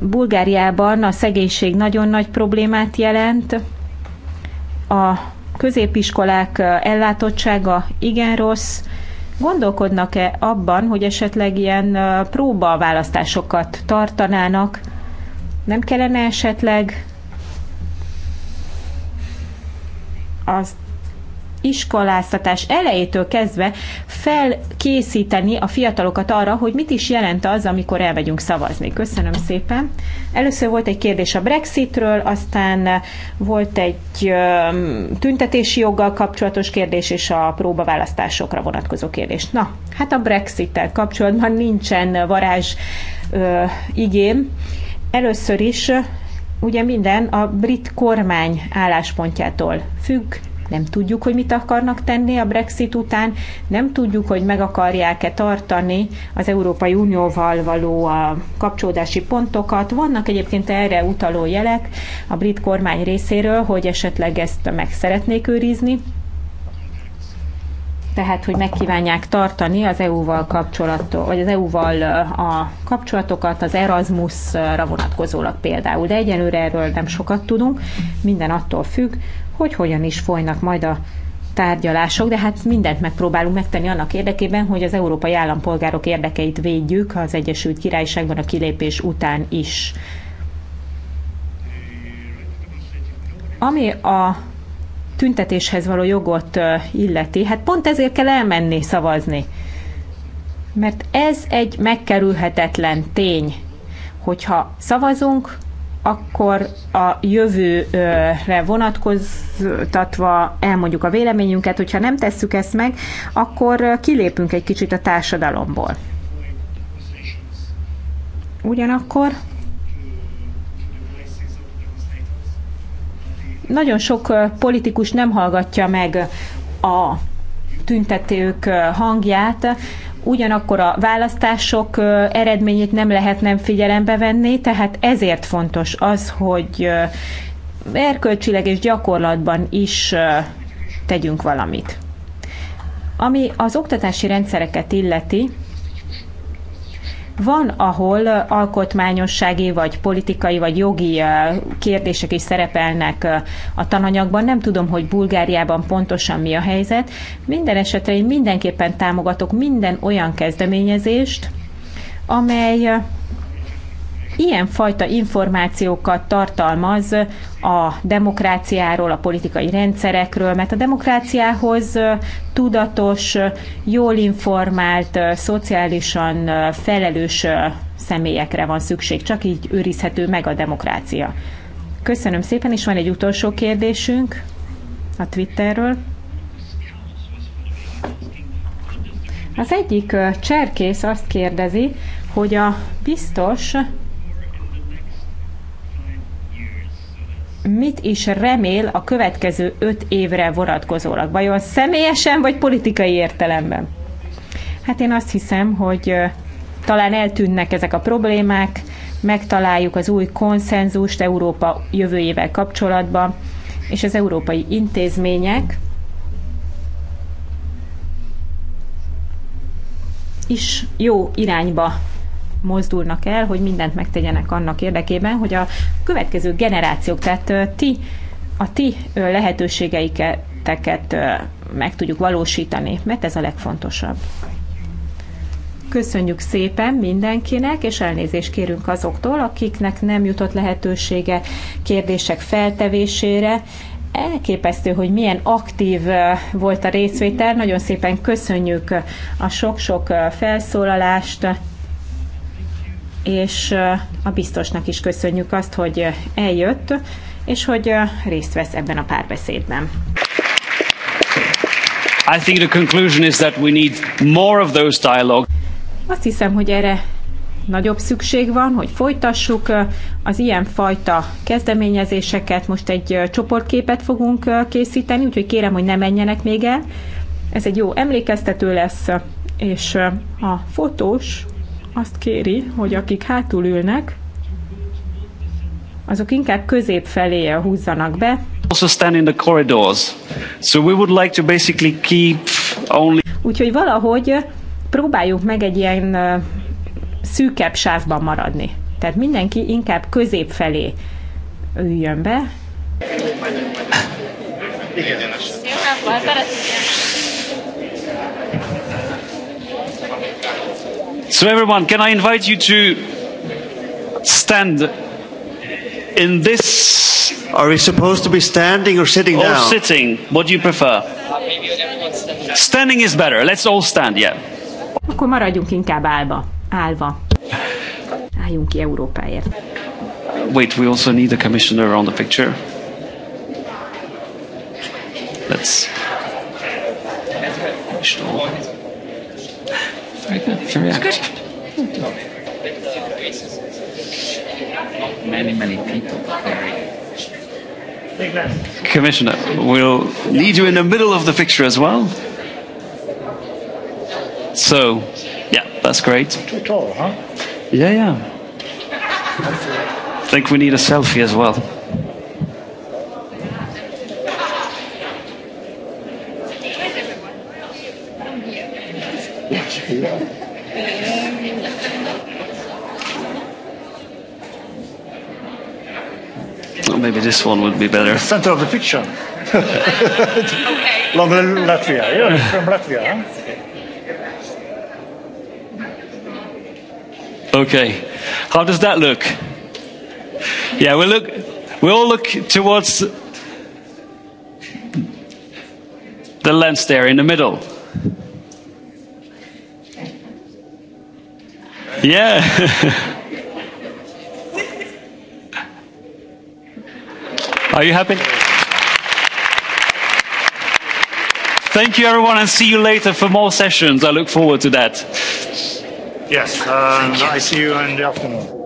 Bulgáriában a szegénység nagyon nagy problémát jelent, a középiskolák ellátottsága igen rossz, Gondolkodnak-e abban, hogy esetleg ilyen próbaválasztásokat tartanának? Nem kellene esetleg az iskoláztatás elejétől kezdve felkészíteni a fiatalokat arra, hogy mit is jelent az, amikor elmegyünk szavazni. Köszönöm szépen. Először volt egy kérdés a Brexitről, aztán volt egy tüntetési joggal kapcsolatos kérdés, és a próbaválasztásokra vonatkozó kérdés. Na, hát a Brexittel kapcsolatban nincsen varázs ö, igém. Először is ugye minden a brit kormány álláspontjától függ, nem tudjuk, hogy mit akarnak tenni a Brexit után, nem tudjuk, hogy meg akarják-e tartani az Európai Unióval való a kapcsolódási pontokat. Vannak egyébként erre utaló jelek a brit kormány részéről, hogy esetleg ezt meg szeretnék őrizni, tehát hogy megkívánják tartani az EU-val kapcsolatot, vagy az EU-val a kapcsolatokat az Erasmus-ra vonatkozólag például. De egyelőre erről nem sokat tudunk, minden attól függ, hogy hogyan is folynak majd a tárgyalások, de hát mindent megpróbálunk megtenni annak érdekében, hogy az európai állampolgárok érdekeit védjük az Egyesült Királyságban a kilépés után is. Ami a tüntetéshez való jogot illeti, hát pont ezért kell elmenni szavazni. Mert ez egy megkerülhetetlen tény, hogyha szavazunk, akkor a jövőre vonatkoztatva elmondjuk a véleményünket, hogyha nem tesszük ezt meg, akkor kilépünk egy kicsit a társadalomból. Ugyanakkor nagyon sok politikus nem hallgatja meg a tüntetők hangját, ugyanakkor a választások eredményét nem lehet nem figyelembe venni, tehát ezért fontos az, hogy erkölcsileg és gyakorlatban is tegyünk valamit. Ami az oktatási rendszereket illeti, van, ahol uh, alkotmányossági, vagy politikai, vagy jogi uh, kérdések is szerepelnek uh, a tananyagban. Nem tudom, hogy Bulgáriában pontosan mi a helyzet. Minden esetre én mindenképpen támogatok minden olyan kezdeményezést, amely ilyen fajta információkat tartalmaz a demokráciáról, a politikai rendszerekről, mert a demokráciához tudatos, jól informált, szociálisan felelős személyekre van szükség. Csak így őrizhető meg a demokrácia. Köszönöm szépen, és van egy utolsó kérdésünk a Twitterről. Az egyik cserkész azt kérdezi, hogy a biztos mit is remél a következő öt évre vonatkozólag? Vajon személyesen vagy politikai értelemben? Hát én azt hiszem, hogy talán eltűnnek ezek a problémák, megtaláljuk az új konszenzust Európa jövőjével kapcsolatban, és az európai intézmények is jó irányba mozdulnak el, hogy mindent megtegyenek annak érdekében, hogy a következő generációk, tehát ti, a ti lehetőségeiket meg tudjuk valósítani, mert ez a legfontosabb. Köszönjük szépen mindenkinek, és elnézést kérünk azoktól, akiknek nem jutott lehetősége kérdések feltevésére. Elképesztő, hogy milyen aktív volt a részvétel. Nagyon szépen köszönjük a sok-sok felszólalást és a biztosnak is köszönjük azt, hogy eljött, és hogy részt vesz ebben a párbeszédben. I think the conclusion is that we need more of those dialogues. Azt hiszem, hogy erre nagyobb szükség van, hogy folytassuk az ilyen fajta kezdeményezéseket. Most egy csoportképet fogunk készíteni, úgyhogy kérem, hogy ne menjenek még el. Ez egy jó emlékeztető lesz, és a fotós azt kéri, hogy akik hátul ülnek, azok inkább közép felé húzzanak be. Also stand in the corridors. So we would like to basically keep only... Úgyhogy valahogy próbáljuk meg egy ilyen szűkebb sávban maradni. Tehát mindenki inkább közép felé üljön be. Igen. Hát So everyone, can I invite you to stand in this? Are we supposed to be standing or sitting or down? Or sitting. What do you prefer? Standing is better. Let's all stand, yeah. Akkor maradjunk inkább állva. Állva. Álljunk ki Európáért. Wait, we also need a commissioner on the picture. Let's... Stop. Come here. Many, many people. Commissioner, we'll need you in the middle of the picture as well. So, yeah, that's great. Too tall, huh? Yeah, yeah. I think we need a selfie as well. ja. Well, maybe this one would be better. The Center of the picture. okay. Long Latvia. Yeah, from Latvia. Yes. Huh? Okay. How does that look? Yeah, we look. We all look towards the lens there in the middle. Yeah. <laughs> Are you happy? Thank you, everyone, and see you later for more sessions. I look forward to that. Yes, um, I see you in the afternoon.